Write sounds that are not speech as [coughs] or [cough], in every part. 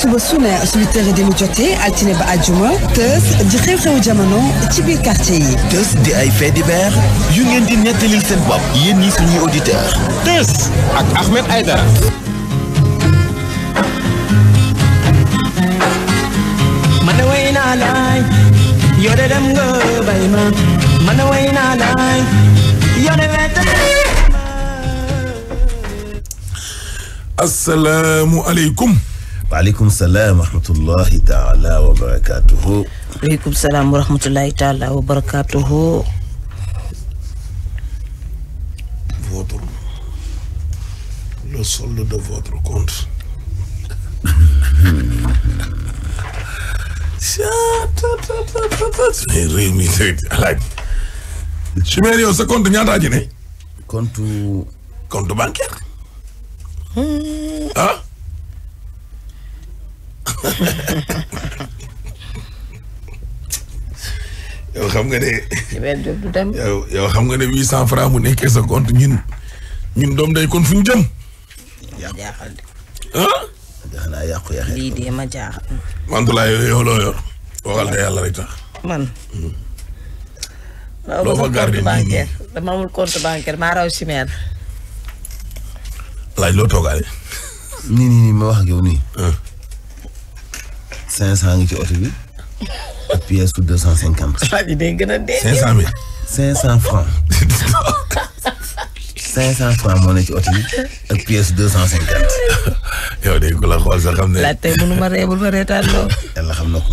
suba su ne suñu tere di mu jotee altine ba àjjuma tës di xew-xewu jamono ci biir quartier yi tës di ay faits divers yu ngeen di nettalil seen bopp yéen ñi suñuy auditeur tës ak Ahmed Aidara man a way naa laay yoo de dem nga bay ma man a way naa laay yoo de asalaamu aleykum waaleykum salaam wa rahmatullahi taala wa barakaatuhu. waaleykum salaam wa rahmatullahi taala wa barakaatuhu. votre le solde de votre compte. mais réew mi alaaj Chimère yow sa compte ñaata ji ne. compte. compte bancaire. Hmm. ah. [laughs] yow xam nga ne. [laughs] yow yow huit cent franc mu nekkee sa compte ñun ñun doom day kon fu ñu jëm. jaaxal de. ah. xanaa de yàlla rek tax. man. Hmm. loo fa garde nii dama amul compte bancaire maa raw si laaj loo toogaale. nii nii ma wax ak cinq cent ngi ci oto bi ak pièce deux cent cinquante. [laughs] waa ji gën a dee. cent mille. cinq cent franc. [laughs] cinq cent moo ne ci oto ak pièce deux cent cinquante. [laughs] yow de ku la xool sax xam ne. la tey mënu ma ree bul reetaan loo. yàlla xam na ko.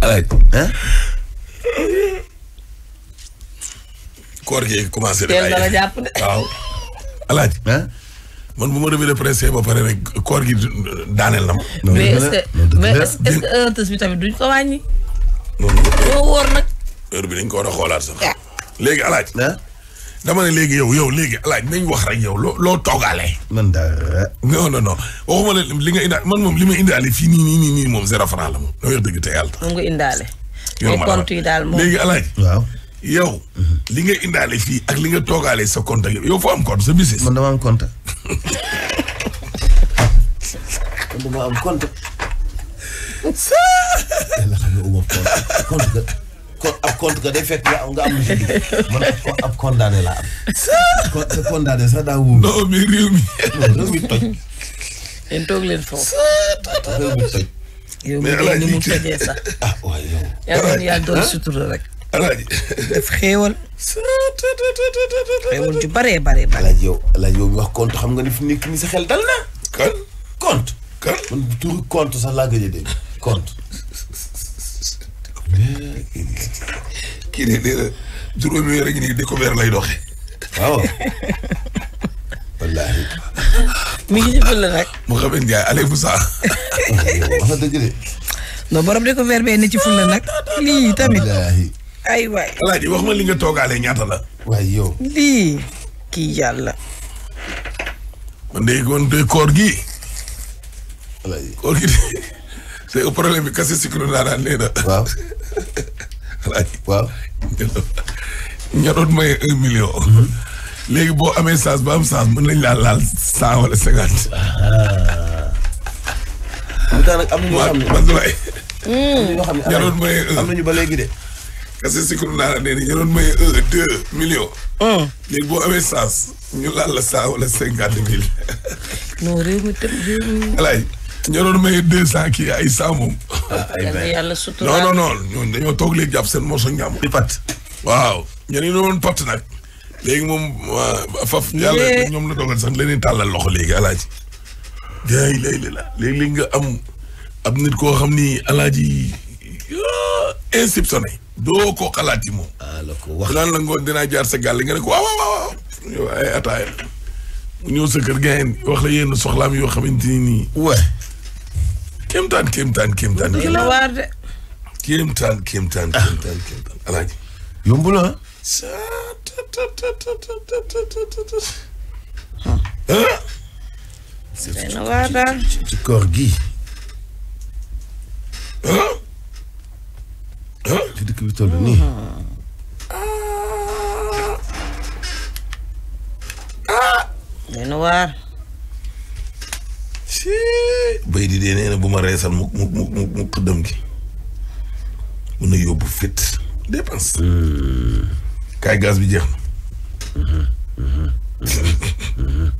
alaaj. koor gi commencé. teel dara jàpp de. alaaj. man bu ma revue de presse ba pare rek koor gi daaneel na ma. mais est-ce que mais tamit du ko wàññi. loolu moo nag. heure bi dañ ko war a xoolaat sax. Ah. léegi alaaj ah. dama ne léegi yow yaw léegi alaaj nañ wax rek yow loo loo toogaale. man daa ah. non non non waxuma la li nga indaale ma indaale fii nii nii nii nii moom zéro franc la moom. dama yor dëgg te yàlla. moom nga indaale. yor ma dara léegi alaaj waaw. yow. li nga indaale fii ak li nga toogaale sa compte yow foo am compte sa business. man dama am compte. man dama am compte. yàlla xam ne uma compte compte ab compte que day fekk nga am man ab condamné la am. te condamné sax daa wóor. non mais réew mi. réew mi toj. yéen toog leen foofu. réew mi toj. yow mi ni mu tojee sax. ah waaye yow. yaa doon sutura rek. alaaji def xéewal xéewal ju bare bare bare alaaji yow alaaji yow mi wax compte xam nga ni fi nekk ni sa xel dal na kan compte kan man bu turu compte sax laa gëj a dégg compte kii de nee na juróomi weer a ngi nii découvert lay doxe waaw [laughs] wallaahi mi ngi jëfal la nag mu xamee Ndiaye allez vous ça wax na dëgg de non borom découvert bee ne ci ful la nag lii tamit ay waay Alaaji wax ma li nga toogaale ñaata la. waay yow. lii kii yàlla. man de koor gi. Alaaji koor gi de c'est problème bi kase sikiro daanaan nee na. waaw. Alaaji. un million. léegi boo amee chance ba am chance mën nañ laa laal cent wala cinquante. mu taal nag am na ñoo xam ne. man de waay. ña ba léegi de. parce que Sikru Daara nee nañ ñu doon maye deux millions. léegi boo amee saas ñu laal la saa wala cinquante mille. non réew mi tam kii ay saa moom. Ah, yàlla suturaal non non non dañoo toog léegi jàpp seen morso ñaam di pat. waaw ñeneen ñoo doon pat nag. léegi moom faf yàlla ñoom la dogal sax leneen tàllal loxo léegi alaaji day léegi léegi nga am ab nit koo xam ni alaaji inceptionné doo ko xalaati moom. ah la ko wax naan la ngoon dinaa jaar sa gàll nga ne ko waaw waaw waaw yow ay ataaya mu ñëw sa kër gayen wax la yenn soxlaam yoo xamante ni nii. wa. kéemtaan kéemtaan kéemtaan. kéemtaan la waar de. kéemtaan kéemtaan ah. kéemtaan kéemtaan alaaji. yomb la. ci koor gi. Ah. fi dëkk bi toll nii. benn waar. bay di dee nee bu ma reesal mu mu mu mu gi. mun na yóbbu fit dépense. Hmm. kaay gaz bi jeex na. [laughs]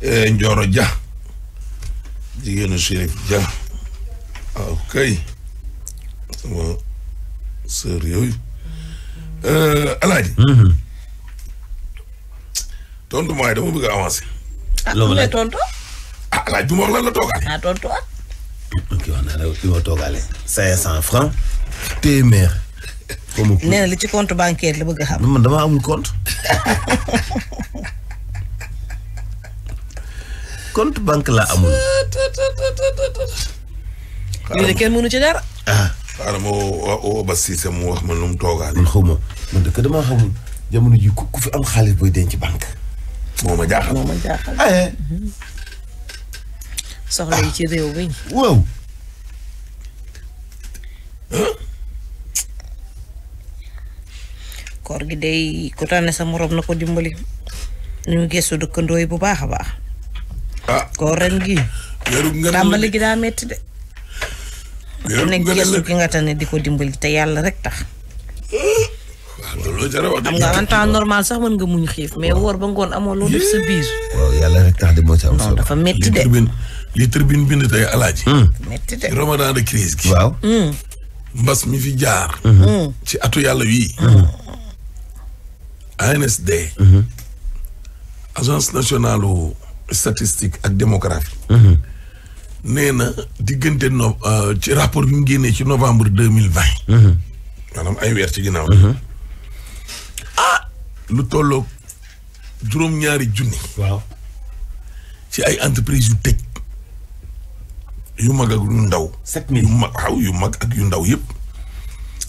Eh, Njooro Ja. jigéenu Chérif Dia waaw ah, kay sama sœur yooyu euh, alaaji mm-hmm. tontu mooy dama bëgg a avancé ah, loolu la tontu ah alaaji bu ma wax lan la toogaale ah tontu ah ki wax naa la ki ma toogaale cinq cent francs téeméer nee na li ci compte bancaire la bëgg a xam man dama amul compte [laughs] compte banque la amul. lii de kenn mënu ci dara. ah. xaaral ma woo ba Cissé mu wax ma nu mu toogaale. man xaw ma man dëkk damaa xamul jamono ji ku fi am xaalis booy denc banque. moo ma jaaxal eh. soxla yi ci ah. réew mi. waaw. koor gi day ku tànn sa moroom na ko dimbali. ñu ngi gëstu dëkkandoo yi bu baax a baax. ah koo ren gi weeru la gi daa métti de. weeru nekk nga tane di ko dimbali te yàlla rek tax. Ah, am nga en temps normal sax mën nga muñ xiif mais woor ba ngoon amoo loo def sa biir. waaw yàlla rek tax de moo ci am solo. dafa métti de li tribune bind tey alaaji. métti hmm. de ramadan de crise gi. Hmm. mbas mi fi jaar. Hmm. ci atu yàlla wii. ANSD. agence nationale statistique ak démographie. Mhm. nee na diggante no euh, ci rapport bi mu génnee ci novembre deux mille vingt. Mhm. maanaam ay weer ci ginnaaw. Mhm. ah lu tolloog juróom-ñaari junni. ci ay entreprise yu tëj yu mag ak yu ndaw. sept mille yu mag xaw yu mag ak yu ndaw yëpp.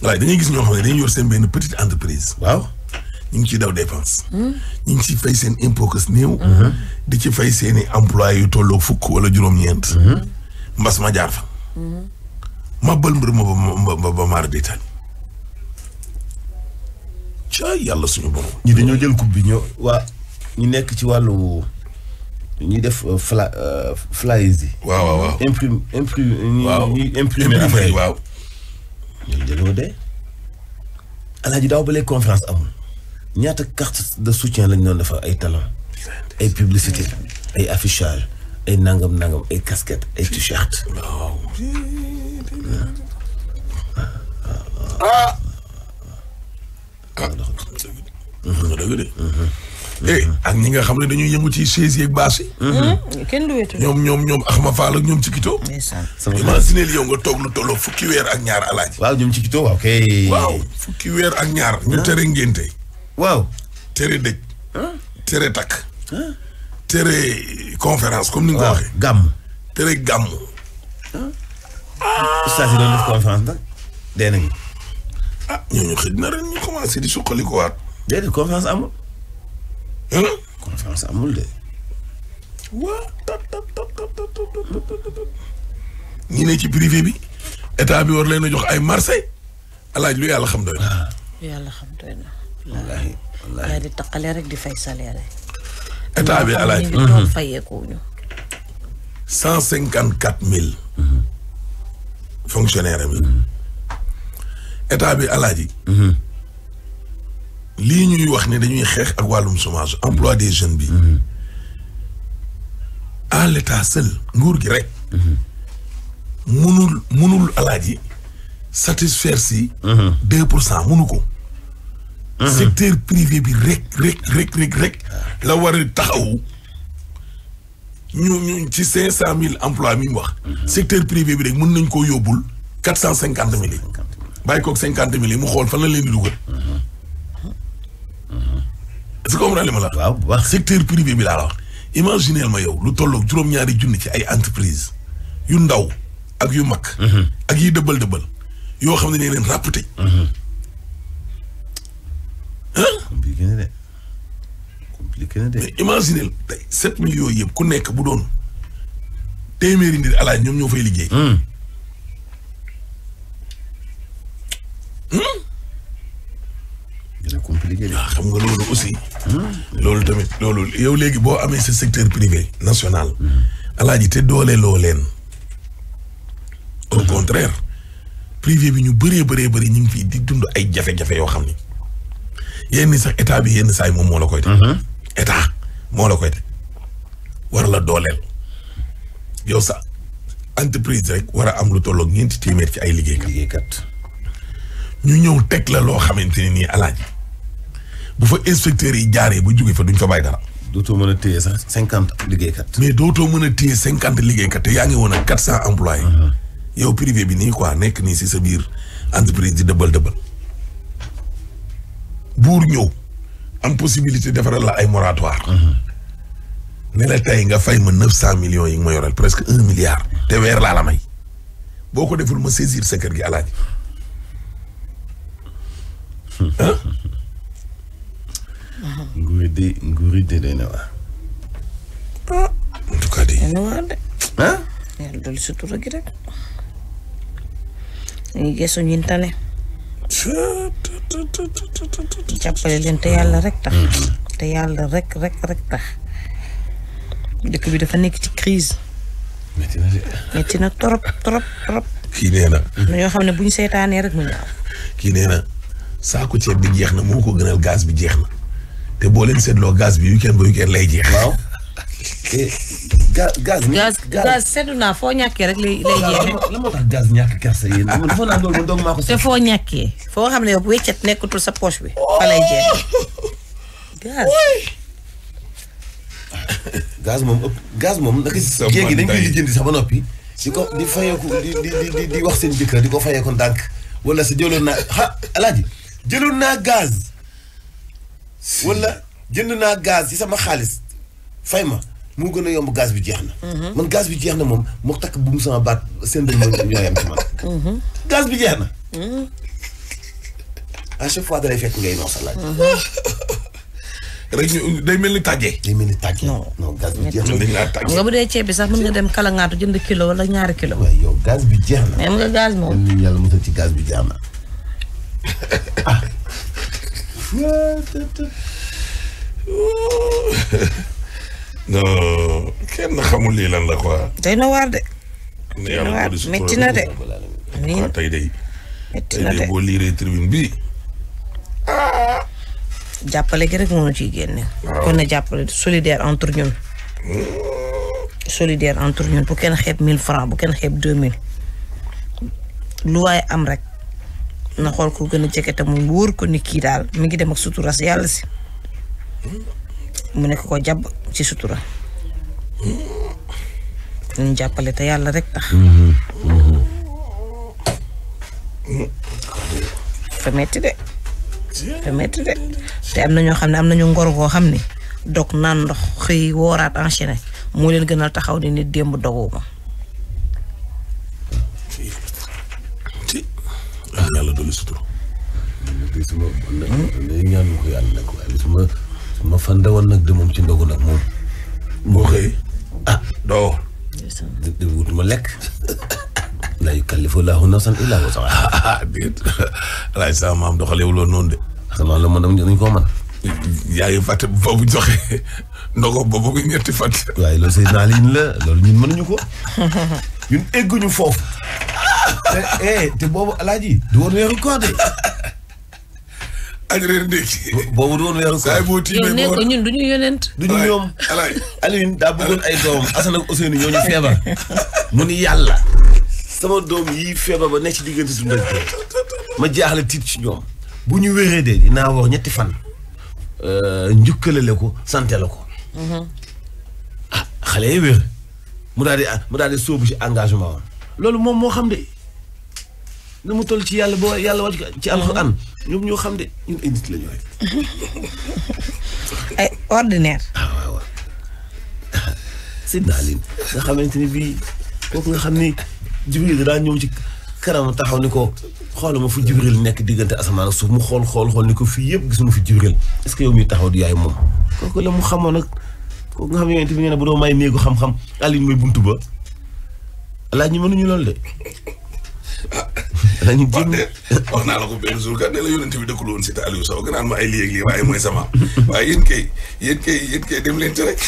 waaye dañuy gis ñoo xam ne dañuy yor seen benn petite entreprise. waaw. ñu ngi ciy daw dépense. ñu ngi ciy fay seen impôt kës néew. di ci fay seen i employé yu tolloo fukk wala juróom-ñeent. mbas ma jaar fa. ma bël ma ba maar di tali. ca yàlla suñu borom. ñi dañoo jël coupe bi ñoo waa ñu nekk ci wàllu ñuy def euh, fla euh, flyers yi. waaw waaw waaw imprime imprime. yi waaw. de. Alaaji daaw ba léegi conférence amul. ñaata carte de soutien lañ doon defar ay talon ay publicité ay affichage ay nangam nangam ay casquette ay t-shirt. ah. ah ak ñi nga xam ne dañuy yëngu ci chaise yeeg baas yi. Hmm? Hmm? kenn du wetu ñoom ñoom ñoom Axma Fall ak ñoom Cikito. sama imagine yow nga toog lu tolloo fukki weer ak ñaar alaaji. waaw ñoom Cikito waaw kay. waaw weer ak ñaar ñu tere ngénte. waaw tere dëj tere takk tere conférence comme ni nga ko waxee gàmm tere gàmm ustaas yi doon def conférence nag dee nañu ah ren ñu commencé di suqali ko waat déedéet conférence amul conférence amul de waa ne ci privé bi état bi war leen a jox ay marché alaaj lu yàlla xam doy na yàlla xam doy na wallaahi wallaahi yaa di taqale rek di fay salaire. état bi alaaj cent cinquante quatre mille. Mhm. fonctionnaire mhm. bi alaaji. Mhm. lii ñuy wax ni dañuy xeex ak wàllum chômage emploi des jeunes bi. à l'état seul nguur gi rek. munul munul alaaji satisfaire si. deux pour cent munu ko. Mhm. secteur privé bi rek rek rek rek la war a taxaw ñu ñu ci cinq cent mille emplois mi mu wax mhm. secteur privé bi rek mun nañ koo yóbbul quatre cent cinquante mille yi bàyyi koog cinquante mille yi mu xool fan la leen di mhm. li ma la waaw waaw secteur privé bi laa la wax imagineel ma yow lu tolloog juróom-ñaari junni ci ay entreprise yu ndaw ak yu mag ak yi dëbbal dëbbal yoo xam ne nee leen ràpp tëj compliqué na de compliqué na de. mais imaginez tey sept millions yëpp ku nekk bu doon téeméeri ndir alaay ñoom ñoo fay liggéey. Hmm. Hmm? dina ah, xam nga loolu aussi. Hmm. loolu tamit loolu yow léegi boo amee sa secteur privé national. alaaji te doole loo leen. au contraire privé bi ñu bëree bëree bëri ñu ngi fii di dund ay jafe-jafe yoo xam ni. yenn sax état bi yenn saa yi moom moo la koy teg. Mhm. état moo la koy teg war la dooleel yow sa entreprise rek war a am lu tolloog ñeenti téeméer ci ay liggéey liggéeykat ñu ñëw teg la loo xamante ne nii alaaji bu fa inspecteurs yi jaaree ba jóge fa duñ fa bàyyi dara. too mën a téye sax cinquante liggéeykat. mais dootoo mën a téye cinquante liggéeykat te yaa ngi woon ak quatre cent employés. Mhm. yow privé bi nii quoi nekk nii si sa biir entreprise di dëbbal dëbbal. buur ñëw am possibilité defaral la ay moratoire ne la tey nga fay ma neuf cent millions yi nga ma yoreel presque un milliard te weer laa la may boo ko deful ma saisir sa kër gi alaaji ah nguuri di nguuri waa ah en tout cas di ah yàlla dolli sutura gi rek ñu geesu ñin tane jàppale leen te yàlla rek tax. Mm-hmm. te yàlla rek rek rek tax. dëkk bi dafa nekk ci crise metti na na trop trop trop. kii nee na. ñoo xam ne bu ñu seetaanee rek mu ñaaw. kii nee na saako ceeb bi jeex na moo ko gënal gaz bi jeex na te boo leen seetloo gaz bi weekend ba weekend lay jeex. waaw. [laughs] gaz gaz. gaz gaz seddu foo ñàkkee rek lay lay jeexee. lan moo tax gaz ñàkk kersa yéen amul foo ñàkkee foo xam ne yow wéccet nekkutul sa poche bi. Oh! fa lay jeexee moom ëpp gaz moom. naka jéegi dañ koy lijjanti ba noppi. di ko di fayeeku di di di di wax seen jëkkër di ko fayeeku ndànk wala sa jëloon naa xa naa gaz. wala jënd naa gaz ci sama xaalis fay ma. moo gën a yomb gas bi jeex na. man gaz bi jeex na moom moo takk bu mu sama baat seen dënnu ñoo yem ci man. bi jeex na. à fois da lay ngay non sa laaj. rek ñu day mel ni tàggee. day mel ni tàggee. non non gaz bi jeex na dañ laa tàggee. nga bu dee ceeb bi sax mën nga dem kala ngaatu jënd kilo wala ñaari kilo. waaw yow gaz bi jeex na. même nga gaz moom. ñun yàlla mosal ci gaz bi jeex na. [laughs] non kenn xamul lii lan la quoi. day na de. day na de. nii tey de. métti na de tey boo liiree tribune bi. Ah! jàppale gi rek moo ciy génne. kon na jàppale solidaire entre ñun. Hmm. solidaire entre ñun bu kenn xeeb mil francs bu kenn xeeb deux mille. lu waaye am rek. na xool ko gën a jege te mu wóor ko ni kii daal mi ngi dem ak sutura yàlla si. Hmm. mu nekk ko jàpp. ci sutura ñu jàppale te yàlla rek tax fa metti de fa metti de te am na ñoo xam ne am nañu ngor goo xam ne dog naan ndox xëy wooraat enchaîné moo leen gënal taxaw ni nit démb doguma yàlla doolu ma fa ndewoon nag de moom ci ndogu nag moom. boo xëyee. Ah, doo. di wut lekk. laa [laughs] yukallifu llaahu nafsan illaa wus'ahaa. [laughs] ah déet de. parce que la man dama ñu ko man yaa ngi fàtte boobu joxe [laughs] ndogo boobu ñetti fan. waaye loolu Seydina Alioune la loolu ñun mënuñu ko. ñun egguñu foofu. Eh, eh, te boobu alaaji du woon weeru koor de. añ reer ndékki boobu doon weeru boo tiimee yow ne ñun du ñu yonent du ñu ñoom alaaj Alioune daa bëggoon ay doomam Assane ak Ousseynou ñoo ñu feebar [laughs] mu yàlla sama doom yi feebar ba nekk ci diggante ma jaaxle tiit ci ñoom bu ñu wéree de dinaa wax ñetti fan euh, njukkalale ko sante la ko mhm. ah xale yi wér mu daal di mu daal di sóobu ci engagement loolu moom moo xam de na mu toll ci yàlla boo yàlla wal ci alxuraan ñoom ñoo xam de ñun ay nit la ñu [laughs] ay ordinaire. ah waaw waaw sidna nga xamante ni bii kooku nga xam ni Jibril daa ñëw ci kanam taxaw ni ko xooluma fu Jibril nekk diggante asamaan ak suuf mu xool xool xool ni ko fii yëpp gisuñu fi Jibril est que yow miy taxaw di yaay moom. kooku la mu xamoon nag kooku nga xam ne bi nga ne bu doo may néegu xam-xam Alioune mooy buntu ba laaj ñi mënuñu loolu de. [coughs] dañu jéem wax naa la ko benn jour kat ne la yonent bi dëkkul woon si te Aliou naa gannaan ma ay lii ak lii waaye mooy sama [coughs] waaye yéen kay yéen kay yéen kay leen ci rek.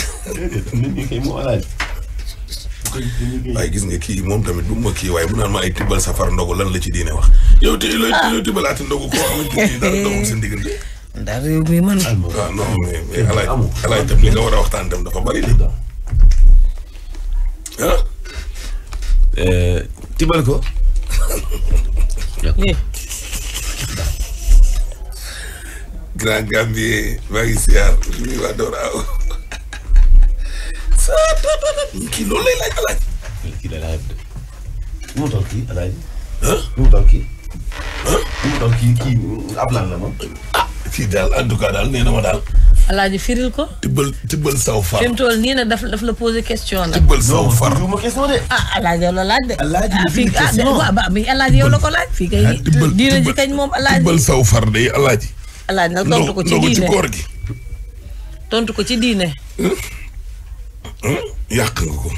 waaye gis nga kii moom tamit bu ma kii waaye mu naan ma ay tibbal safar ndogu lan la ci diine wax. yow te looy ah. looy tibbalaati ndogu koo xamante ni dara dogul seen diggante. ndax réew mi man. Ah, war a waxtaan tam dafa bari de. Ah. Eh, tibbal ko. grand Gambien maa ngi siyaar nuyu waa Dóor Awa. saa kii loolu lay laaj alaaj. kii lay laaj nu mu toll kii alaaj. nu mu toll kii. nu mu toll kii kii ab lan la moom. ah kii daal en tout cas na ma daal. alaaji firil ko. tibbal tibbal saw far. fi toll nii nag daf daf la posé question nag. tibbal saw far non question de. ah la laaj de. alaaji ah, fii ah ba mi alaaji ko tontu ko ci diine ci koor ko ci diine. yàq nga ko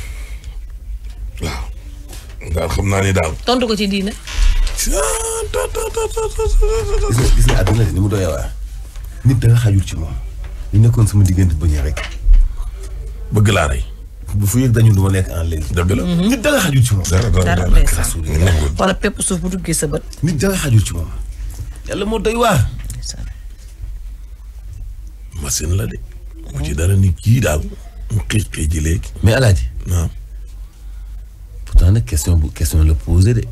waaw. daal xam naa ni daal. tontu ko ci diine. nit da xajul ci moom. li nekkoon sama diggante bëggee rek. bëgg en léegi. dëgg la mm-hmm. nit dara xajul ci moom. dara dara moo doy waar. machine la de. mu ci dara nit kii daal. mu xiij xiij ji mais alaaji. waaw. pourtant nag question bu question la posé de.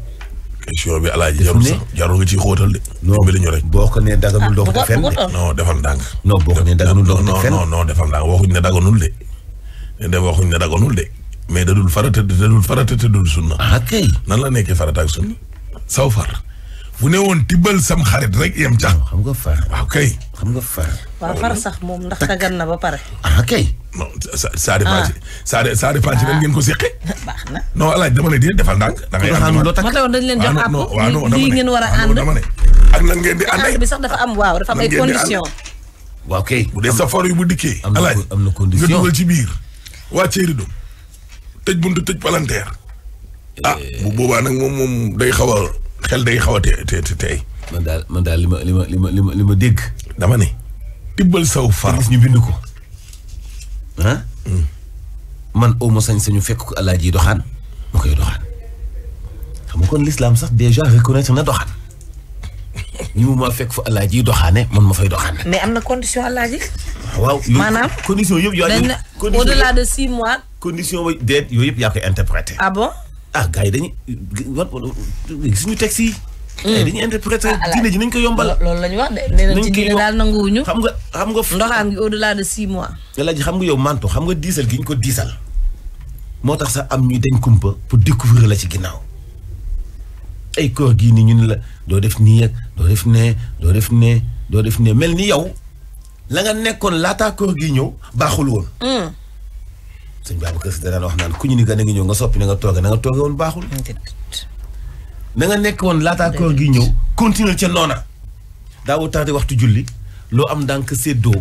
question bi alaaji jarul sax jarul nga ciy xóotal de. non bi la ñu rek boo ko nee daganul doo ko fenn de. non defal ndànk. non boo ko nee daganul doo noo fenn non non defal ndànk waxuñ ne daganul de. de waxuñ ne daganul de mais dadul farata dadul farata dadul sunna. ah kay nan la nekkee farata ak sunna saw far. bu ne woon tibbal sam xarit rek yem tax. xam nga far kay. xam nga far. waaw sax moom ndax dagan na ba pare. ah kay. non ça ça dépend ah. ci. ça ça dépend ci ah. ko seqee. [laughs] baax na non alaaj dama ne di defal ndànk. da ngay ànd ma ma tawoon dañ leen jox ah, àpp. lii ngeen war a ànd dama ne. ak nan ngeen di àndee bi dafa am waaw dafa am ay conditions. waaw kay bu dee safar yu bu dikkee. am na am na condition alaaj dugal ci biir. wàccee rido tëj buntu tëj palanteer. ah bu boobaa nag moom day xaw a xel day xaw a te te tey. man daal man daal li ma li lima li li ma dégg. dama ne. tibbal saw far bind ko. ah. man au ma sañ sañu fekk ko alaaji yi doxaan ma koy doxaan. xam nga kon l'islam sax déjà reconnaître na doxaan. ñu mu ma fekk fa alaaji yi doxaane man ma fay doxaan. mais am na condition alaaji. waaw maanaam condition yëpp. yaa koy interprété. ah bon. ah gars yi dañuy gis ñu texte yi. Hmm. Eh, dañuy interpréter ah, diine ji nañ ko yombal. loolu la ñu wax de nee nañ ci diine daal nanguwuñu. xam nga xam nga. ndoxaan gi au delà de six mois. yàlla ji xam nga yow manto xam nga diisal gi ñu ko diisal. moo tax sax am ñuy dañ kumpa pour découvrir la ci ginnaaw. ay koor gii nii ñu ne la doo def nii ak doo def nee doo def nee doo def nee mel ni yow la nga nekkoon laataa koor gii ñëw baaxul woon. Hmm. sëñ Babacar Si daan wax naan ku ñu ni nga ne nga nga soppi na nga tooge na nga tooge woon baaxul. na nga nekk woon laataa koor gi ñëw. continuer ca noona. daawoo tardé waxtu julli loo am ndànk séddoo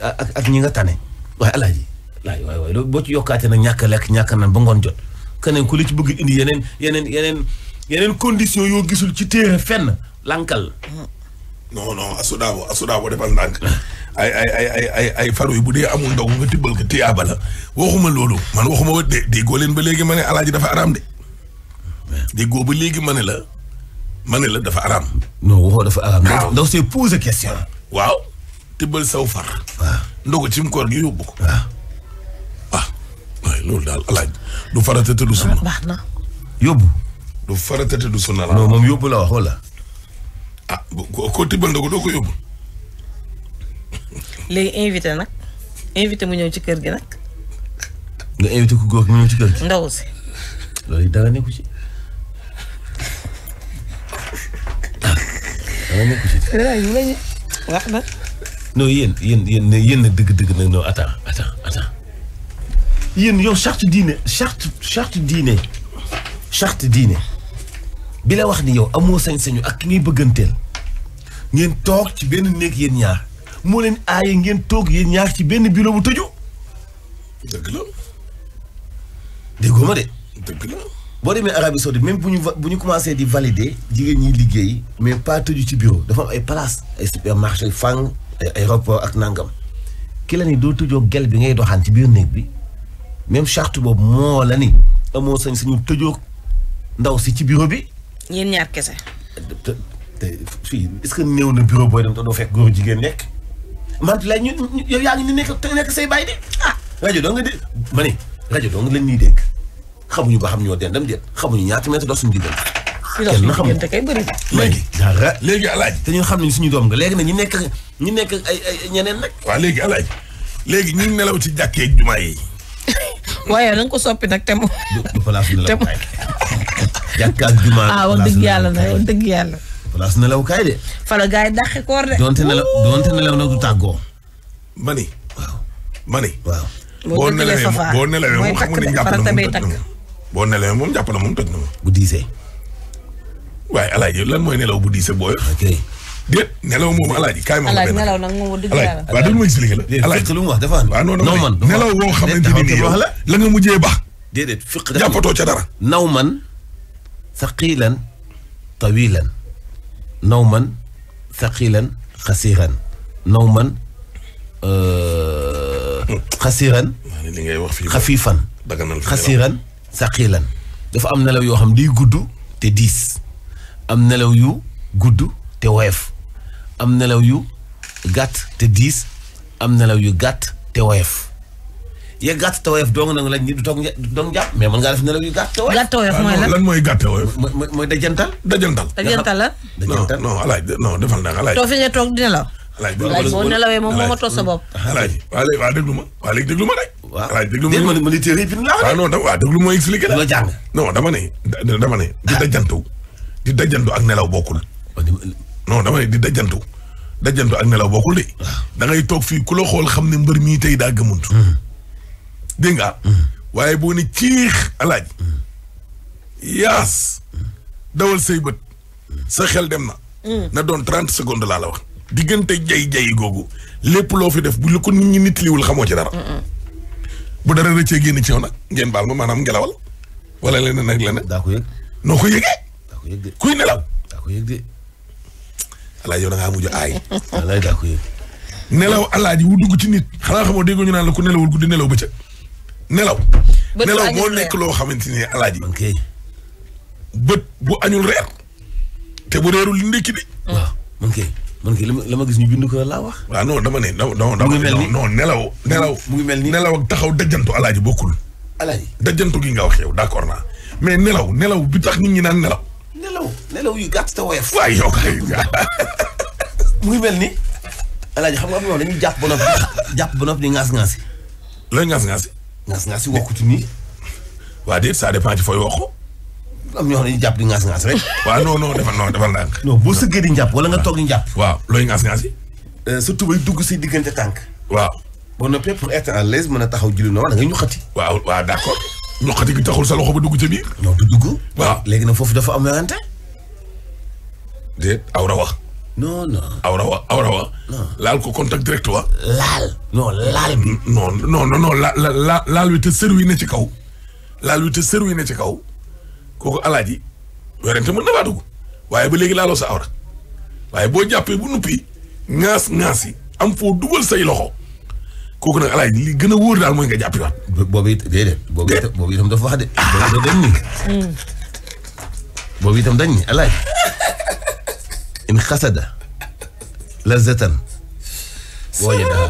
ak ak ñi nga tane waaye alaaji laaj waay waay boo ci yokkaatee na ñàkk lekk ñàkk naan ba ngoon jot keneen ku li ci bëgg indi yeneen yeneen yeneen yeneen condition yoo gisul ci téere fenn lànkal. non non asudaabu asudaabu defal ndànk. [laughs] ay ay ay ay ay faro yi bu dee amul ndox nga tibbal ko tiyaaba la waxuma loolu man waxuma wa de déggoo leen ba léegi ma ne alaaji dafa araam de déggoo ba léegi ma ne la ma ne la dafa araam. non waxoo dafa araam. waaw donc c'est question. waaw tibbal saw far. waaw ndogu ci koor gi yóbbu ko. waaw ah waaye loolu daal alaaji du farata te du sunna. yóbbu. du farata te du sunna la. non moom yóbbu la wax wala. ah ko tibbal ndogu doo ko yóbbu. léegi invité nag invité mu ñëw ci kër gi nag. nga invité ku góor mu ñëw ci kër gi. ndaw si. loolu dara nekku ci. dara nekku ci. wax na. non yéen yéen yéen yéen na dëgg-dëgg nag non attends attends attends yéen yow charte diine charte charte bi la wax ni yow amoo sañ-sañu ak ki ngay bëgganteel ngeen toog ci benn néeg yéen ñaar. moo leen aaye ngeen toog yéen ñaar ci benn bureau bu tëju. dëgg la. déggoo ma de. boo demee Arabie Saoudite même bu ñu bu ñu commencé di valider jigéen ñi liggéey mais pas tëju ci bureau dafa am ay place ay supermarché fan ay aéroport ak nangam ki la ni doo tëjoo gel bi ngay doxaan ci biir néeg bi même charte boobu moo ni amoo sañ sañu tëjoo ndaw si ci bureau bi. ñeen ñaar kese. te fii est-ce que néew na bureau booy dem te doo fekk góor jigéen nekk. man lay ñu yow yaa ngi nekk nekk say bàyyi de ah rajo doo nga dé ma ne rajo doo nga leen ñuy dégg xamuñu ba xam ñoo den dem déet xamuñu ñaata mètre dox suñu diggante kenn na xamul léegi dara léegi alaaji te ñu xam ne suñu doom nga léegi na ñu nekk ñu nekk ay ay ñeneen nag waaw léegi alaaji léegi ñu nelaw ci jàkkee ak jumaa yi [laughs] waaye da ko soppi nag te mu du place nelaw ak jumaa [laughs] ah wax dëgg yàlla na wax dëgg yàlla place nelaw kaay de. falo gars yi dàqe koor de. donte nelaw donte nelaw nag du tàggoo. mani. waaw mani. waaw boo nelawee boo nelawee moom xam nga ni jàpp na moom toj na boo nelawee moom jàpp na moom toj na moom. bu diisee. waaye alaaji lan mooy nelaw bu diisee booy. ok déet nelaw moom alaaji kaay ma. alaaji nelaw nag moom dëgg yàlla. alaaji waaw dama expliqué la. alaaji lu mu wax dafa non non nelaw boo xamante ni yow la nga mujjee ba. déedéet fiq jàppatoo ca dara. naw man saqiilan tawilan nawman thaqilan xasiran nawman xasiran euh, li ngay wax fii xafiifan xasiran saqilan dafa am nelaw yoo xam day gudd te diis am nelaw yu gudd te woyof am nelaw yu gàtt te diis am nelaw yu gàtt te woyof ya gàtt tawoyof dong nag lañ ni na ah, alaaj. too fi nga moo ma toog sa bopp. alaaj waa léegi waa déglu ma waa léegi déglu ma rek. waaw alaaj déglu ma déedéet ma ma li ah, da waa déglu ma expliqué la. loo jàng non dama ne. di ah. da di dajantu ak nelaw bokkul. Oh, non dama da di dajantu dajantu ak nelaw bokkul de. da ngay toog fii ku la xool xam ne mbër mii tey daa gëmunt hmm. dégg nga waaye boo ne ciix alaaj yaas dawal say bët sa xel dem na na doon trente secondes laa la wax diggante jay-jayi googu lépp loo fi def bu lu ko nit ñi nittaliwul xamoo ci dara bu dara rëccee génn ci yow nag ngeen baal ma maanaam ngelawal wala leneen nag leneen daa ko noo ko yëgee daa ko yëg de kuy nelaw daa ko yëg de alaaj yow da ngaa wu dugg ci nit xanaa xamoo déggoo ñu naan la ku nelawul guddi nelaw bëccëg nelaw nelaw moo nekk loo xamante ni alaaji bët bu añul reer te bu reerul ndékki de waaw man kay man kay la ma gis ñu bind ko laa wax waaw non dama ne non non non nelaw nelaw mu ngi mel ni nelaw ak taxaw dajantu alaaji bokkul alaaji dajantu gi nga wax yow d'accord naa mais nelaw nelaw bi tax nit ñi naan nelaw nelaw nelaw yu gàtt te woyof waay [laughs] mel ni xam nga am na dañuy jàpp ba jàpp ba noppi di ngaas ngaasi looy ngaas ngaasi ŋas-ŋas yi waxutu nii. [laughs] waa déet ça dépend ci fooy wax ko. am ñoo xam jàpp di ŋas-ŋas rek. [laughs] waaw non non defal non defal ndànk. non boo sëggee di njàpp wala nga toog di jàpp waaw looy ŋas-ŋas yi. Euh, surtout bay dugg si diggante tànk. waaw. boo noppee pour être à l'aise mën a taxaw julli normal da ngay ñuxati. waaw waaw d'accord ñuxati gi taxul sa loxo ba dugg ca biir. non du dugg. waaw léegi nag foofu dafa am werante. aw awra wax. no non. awra wa awra wa. laal ko contact direct wa. laal. non laal bi. non non non la la la laal wi te sër wi ne ci kaw. laal wi te sër wi ne ci kaw kooku alaaji werante mën na baa waaye ba léegi laaloo sa awra waaye boo jàppee bu nuppi ŋaas ŋaas yi am foo dugal say loxo kooku nag alaaji li gën a wóor daal mooy nga jàppi waat. boobu it déedéet. boobu itam dafa wax de. boobu itam dañ ni. [laughs] Mm. dañ ni alaaji. in xasada lazatan wajadaha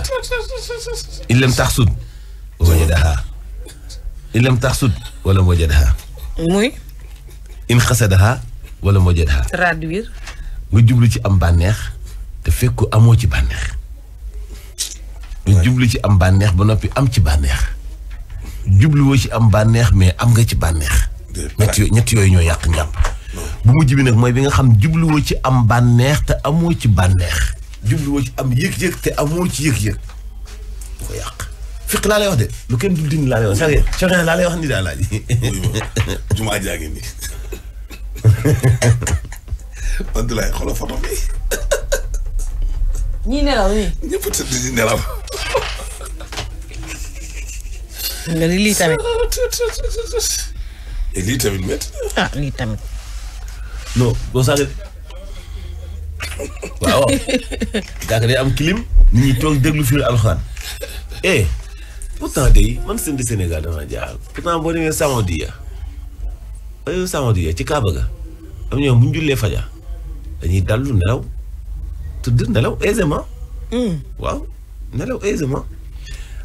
in lam taxsud wajadaha moo lam taxsud wala wajadaha muy in xasadaha wala wajadaha traduire nga jublu ci am bànneex te fekk amoo ci bànneex nga jublu ci am bànneex ba noppi am ci bànneex jubluwoo ci am bànneex mais am nga ci bànneex ñett yooyu ñoo yàq njàpp bu mu bi nag mooy bi nga xam jubluwoo ci am bànneex te amoo ci bànneex jubluwoo ci am yëg-yëg te amoo ci yëg-yëg du ko yàq fiq laa lay wax de lu kenn dul dindi laa lay wax ni daa laaj [laughs] jumaa jaa ngi nii Abdoulaye [laughs] xoolal photo bi [laughs] ñii nelaw ñii ñëpp tëdd nelaw nga lii lii tamit métti ah, tamit non doo saaga waaw daaka day am clim nit ñi toog déglu firi alxuraan eh pourtant day man seen di Sénégal dama jaaxal pourtant boo demee Samadiya ayoo Samadiya ci Kaaba ga am ñoom bu ñu jullee faja dañuy dallu nelaw tëdd nelaw aisément hmm. waaw nelaw aisément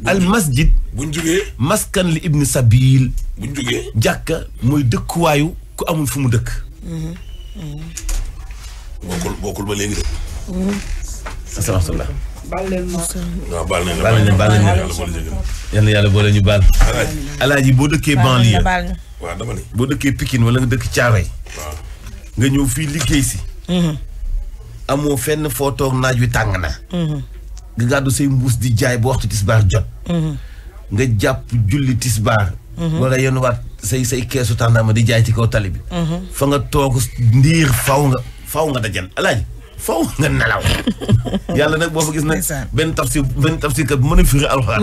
al masjid buñ jugee maskan li ibni sabil buñ jugee jàkka mooy dëkkuwaayu ku amul fu mu dëkk hmm. Mm-hmm. bokkul bokkul ba léegi de. Mm-hmm. asalaamaaleykum. baal leen ma. waaw baal nañ la baal nañ baal nañ yàlla yàlla boole ñu baal. alaaji boo dëkkee banlieue. waaw dama boo dëkkee Pikine wala nga dëkk Thiaroye. nga ñëw fii liggéey si. Mm-hmm. amoo fenn foo toog naaj wi tàng na. nga gàddu say mbuus di jaay ba waxtu tisbaar jot. nga jàpp julli tisbaar. wala yenn waat. say say keesu tàndaama di jaay ci kaw tali mhm. fa nga toog ndiir faw nga faw nga faw nga nelaw [laughs] yàlla nag boo fa gis ne benn tafsir benn tafsir kat bu a firi alxuraan.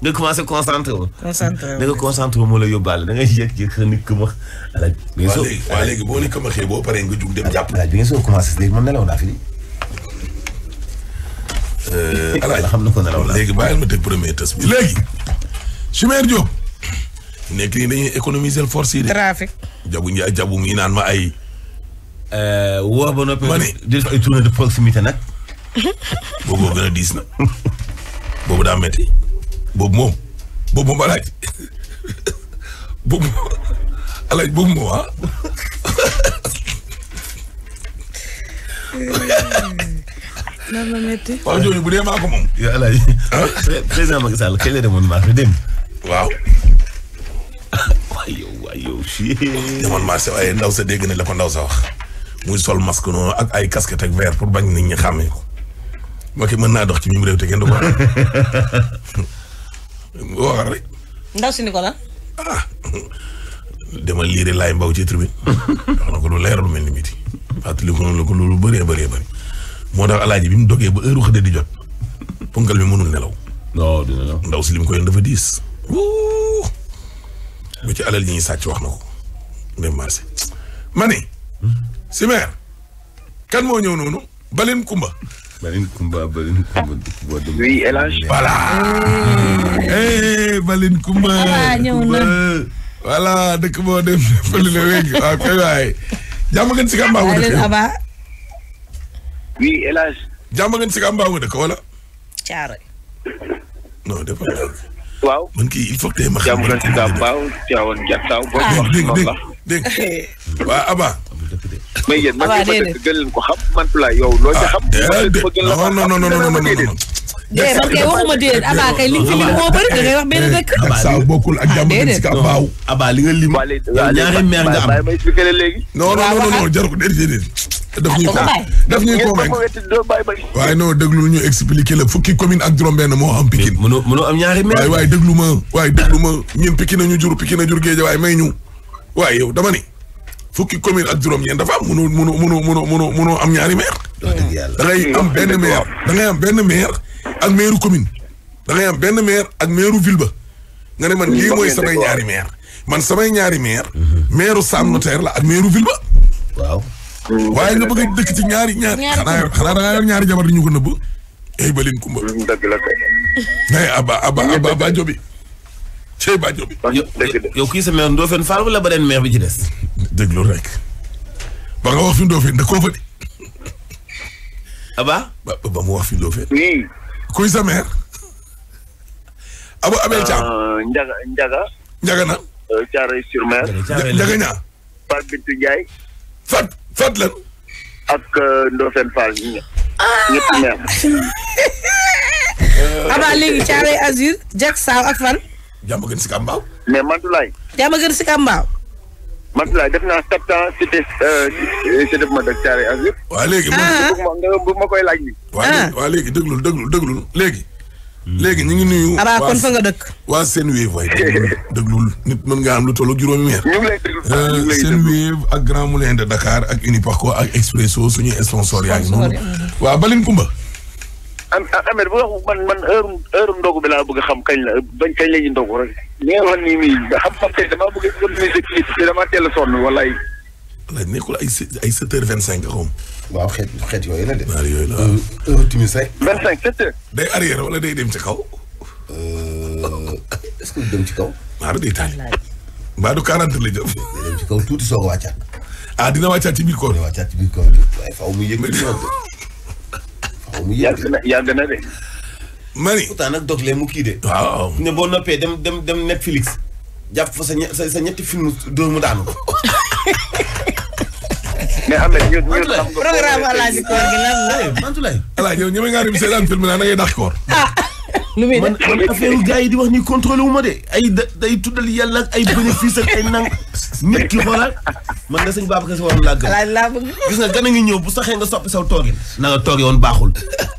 nga commencé concentré wu. concentré da nga concentré wu moo la yóbbaale da ngay yëg-yëg na këmax. alaaj bi nga soo waaw léegi boo ni këmaxee boo paree nga jug dem jàpp. alaaj bi nga soo commencé léegi man nelaw naa fi. Euh, alaaj xam na ko nelaw naa léegi bàyyil ma teg premier nekk nii dañuy économiser force yi de. trafic. jabu njaay jabu ngi naan ma ay. Euh, woo ba noppi. di ay tournée de proximité nag. [laughs] na. boobu daa metti boobu moom boobu moom alaaj [laughs] boobu alaaj boobu moom ah. Hmm. nan la métti. [laughs] jooju bu dee maa moom. yow alaaj ah. président Macky Sall kañ demoon maa fi dem. waaw. [laughs] waay ndaw sa dégg na la ko sa wax sol masque noonu ak ay casquette ak bañ nit ñi xàmmee ko ok mën naa dox ci mim réew te kenn du ko [laughs] waxal rek ndaw ah, demal liire laay mbaw ci tribune [laughs] wax na ko lu leer lu mel ni miti fàttali ko noonu bëree bëree bëri moo tax alaaji bi mu dogee ba heure xëdde di jot ponkal bi mënul nelaw ndaw si lim koy dafa diis bu ci alal ñuy sàcc wax na ko même si maire kan moo ñëw noonu Baleen Kumba Baleen Kumba Baleen Kumba oui eh, Kumba ñëw dëkk boo dem fële la wéegi waaw ah, koy waaye jàmm si Kamba wu dëkk Aba oui El si Kamba wu dëkk wala waaw man kii il faut que tey ma xam. jàmm daal waaw jaawoon jàttaaw. ah dégg dégg dégg waaw Aba. mais yéen man li ma dëkk gën leen ko xam Mantoulaye yow loo ci ah, xam. non non non non non non non. déedéet man kay waxuma déedéet Aba kay li nga fi lim moo bëri da ngay wax benn eh, dëkk. ak saa bokkul ak jàmm gën si ka baaw. Aba li nga lim. ñaari meer nga am. non non non jarul déedéet déedéet. daf ñuy convaincre daf ñuy convaincre waaye non déglu ñu expliquer la fukki commune ak juróom-benn moo am Pikine. mënoo mënoo am ñaari maire. waaye waaye déglu ma waaye déglu ma ñun Pikine ñu jur Pikine jur géej waaye may ñu waaye yow dama ni fukki commune ak juróom-ñeent dafa am mënoo mënoo mënoo mënoo am ñaari maire. da ngay am benn maire da ngay am benn maire ak maire commune da am benn maire ak maire vilba nga ne man lii mooy samay ñaari maire man samay ñaari maire mhm. maire Sam Notaire la ak maire ville waaye nga bëgg a dëkk ci ñaari ñaari. ñaari xanaa da di ñu ko nëbb. eh balin kumba. Mm, dëgg la kay. mais Aba Aba Aba Aba Jobi. Cey Ba sa maire Ndofène Fall wala ci des. déglu rek. ba nga wax fi Ndofène da koo fa Aba. ba ba mu wax fi Ndofène. kuy sa maire. Aba Abel Thiam. Njaga Njaga. Njaga ñaa. Fatou fat la ak euh, Ndofène Fall ñëpp meer ah. [laughs] abaa léegi Thiaroye Azur jak saaw ak fan jàmm gën si kàmbaaw mais Mantoulaye jàmm gën si kàmbaaw Mantoulaye def naa sept ans cité cité bu ma dëkk Thiaroye Azur waa léegi man nga ah. bu ma koy laaj bi waa léegi déglul déglul déglul léegi léegi ñu ngi nuyu. abaa kon fa nga dëkk. waa Senwave waaye déglul [laughs] nit mën nga am lu toll juróomi weer. ñu ngi lay déglu euh, Senwave ak Grand Moulin de Dakar ak Uniparco ak Expresso suñu sponsor yaa ngi noonu. waa Baline Kumba. am Ameth bu man man heure heure ndogu bi laa bëgg a xam kañ la bañ kañ la ñuy ndogu rek. li nga wax xam nga tey damaa bëgg a organiser kii bi damaa teel wala ay. nekkul ay ay sept vingt cinq xaw waaw xeet xeet yooyu la de. waaw yooyu la waaw. heure timis day arrière wala day dem ci kaw. est-ce dem ci kaw. maa day taal. du quarante la jëm. day dem ci kaw tuuti soog a wàccaat. ah dina wàccaat ci biir koor. dina wàccaat ci biir waaye faaw mu yëg. faaw mu de. yàgg na de. nag dog lee mu kii de. waaw ne boo noppee dem dem dem jàpp fa sa ñetti sa ñetti film dóor mu daanu. mais Ahmed ñun ñun xam nga. programme alaaji koor gi lan la. Eh, Mantoulaye. alaaji yow ñeme ngaa [laughs] na ngay dàq koor. Ah, lu muy man affaire gars yi di wax ni contrôlé wu ma de ay da day tuddal yàlla ak ay bénéfice ak ay nang nit ki xoolal man na sëñ Babacar si waroon laa gëm. gis nga gan a ngi ñëw bu saxee nga soppi saw toogin. na nga toogee woon baaxul.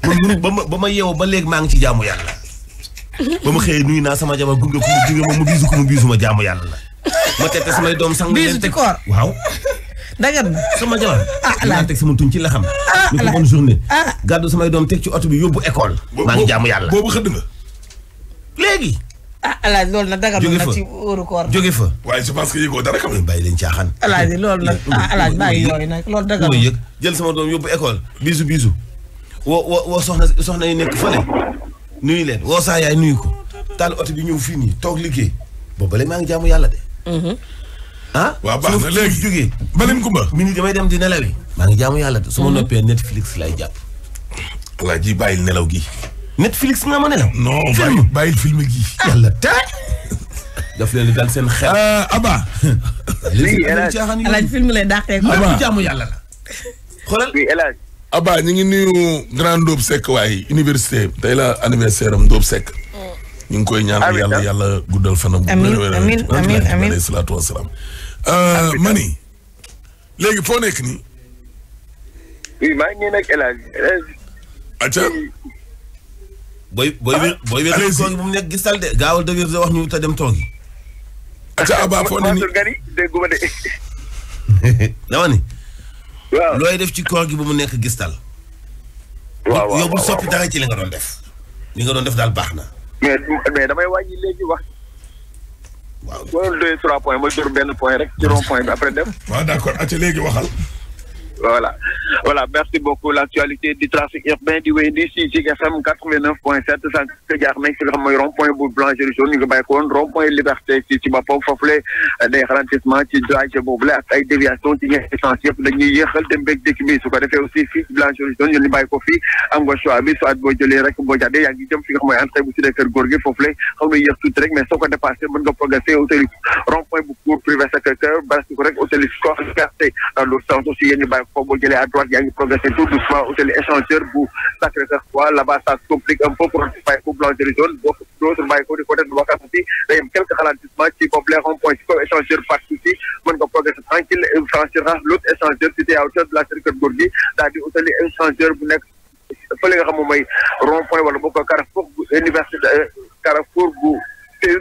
man munu ba ma ba ma yeewoo ba léegi maa ngi ci jaamu yàlla. ba ma xëyee nuyu naa sama jabar gunge ko mu ma mu biisu ko mu biisu ma jaamu yàlla la. ma tette samay doom sang. biisu ci koor waaw. dagan na sama jabar ah laa teg ci la xam ah ni ko bonne journée ah ci oto bi yóbbu école maa ngi jaamu yàlla boobu xëdd nga léegi ah loolu nag daga na ci wóoru koor jóge fa waaye je pense que yëgoo dara kam bàyyi leen caaxaan alaaji loolu ah, nag ah alaaji bàyyi yooyu yëg jël sama doom yóbbu école bisu bisu woo woo woo soxna soxna yi nekk fële nuyu leen woo saa yaay taal oto bi ñëw fii nii toog liggéey boobu ba maa ngi jaamu yàlla de mm-hmm. ah waaw baax na léegi jógee balim kumba minute damay dem di nelaw yi maa ngi jaamu yàlla su ma mhm. noppee Netflix lay jàpp waa ji bàyyil nelaw gi Netflix nga ma nelaw non film bàyyil film gi ah, yàlla te daf leen di seen xel Aba ah, [laughs] léegi alaaj film lay dàqee ko aba jaamu yàlla la xoolal alaaj Aba ñu ngi nuyu grand Ndoob Seck waaye université tey la anniversaire am Ndoob Seck mm. ñu ngi koy ñaan yàlla yàlla guddal fanam amiin amiin amiin alayhi salaatu wasalaam Euh, mani léegi foo nekk nii. oui maa ngi nekk El Hadj El Hadj. acca. booy booy booy ah, wér kon bu mu nekk gisal de gaawal de wér wax ñu te dem toogi. acca abaa foo ne nii [laughs] dama ni. waaw looy def ci koor gi bu mu nekk gistal. waaw waaw yow bu soppi dara ci li nga doon def. li nga doon def daal baax na. mais mais damay wàññi léegi wax. waaw boo doyee trois points ma jor benn point rek ci rond point bi après dem. waaw d'accord acca léegi waxal. voilà voilà merci beaucoup l'actualité du trafic urbain di wéy di si FM quatre-vingt-neuf point sept sant jaar nañ si xam mooy rond point bu Boulangerie jaune ñu ngi bàyyi ko rond point liberté si si boppam foofule day ralentissement ci drage boobule ak ay déviation ci ñeenti sens yëpp dañuy yéexal dem beeg dëkk bi su ko defee aussi fii si Boulangerie jaune ñu ngi ko fii am nga choix soit boo jëlee rek boo jàddee yaa ngi jëm fi xam mooy entrée bu sudee kër góor gi foofule foo boo jëlee à droite yaa ngi progressé tout doucement hôtel échangeur bu Sacré-Cœur waa là-bas ça se complique un peu pour bàyyi ko boulangerie jaune boo d'autres bàyyi ko di côté de Wakam si day am quelques ralentissements ci boobu les ronds-points ci kaw échangeur partout si mën nga progresser tranquille franchir l'autre échangeur c'était à hauteur de la Sacré-Cœur Gorgui daal di hôtel échangeur bu nekk fële nga xam moom mooy rond-point wala boo ko Carrefour bu université Carrefour bu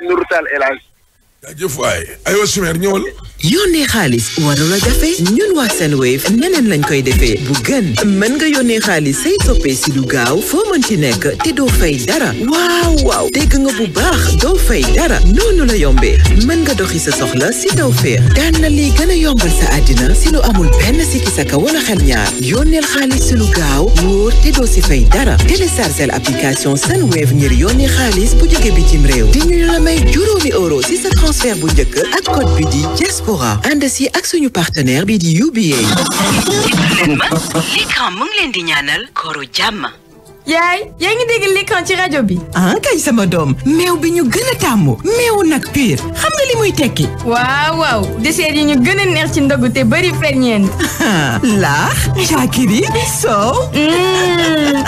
Nourtal El Hadj jaajëf waay aywa sumeer ñëwal. yónnee xaalis warul a jafe ñun waa Senwave neneen lañ koy defee bu gën mën nga yónnee xaalis say soppee si lu gaaw foo mën ci nekk te doo fay dara waaw waaw dégg nga bu baax doo fay dara noonu la yombe mën nga doxi sa soxla si taw féex daan na lii gën a yombal sa àddina si lu amul benn sikki saka wala xel ñaar yónneel xaalis si lu gaaw wóor te doo si fay dara téléchargel application Senwave ngir yónnee xaalis bu jóge bitim réew di ñu transfert bu njëkk ak code bi di diaspora ànd si ak suñu partenaire bi di UBA. l'écran mu ngi leen di ñaanal kooru jàmm. yaay yaa ngi dégg l'écran ci rajo bi. ah kay sama doom meew bi ñu gën a tàmmu meewu nag pur xam nga li muy tekki. waaw waaw dessert yi ñu gën a neex ci ndogu te bëri ferñeent. [laughs] laax jaakiri soow. Mm.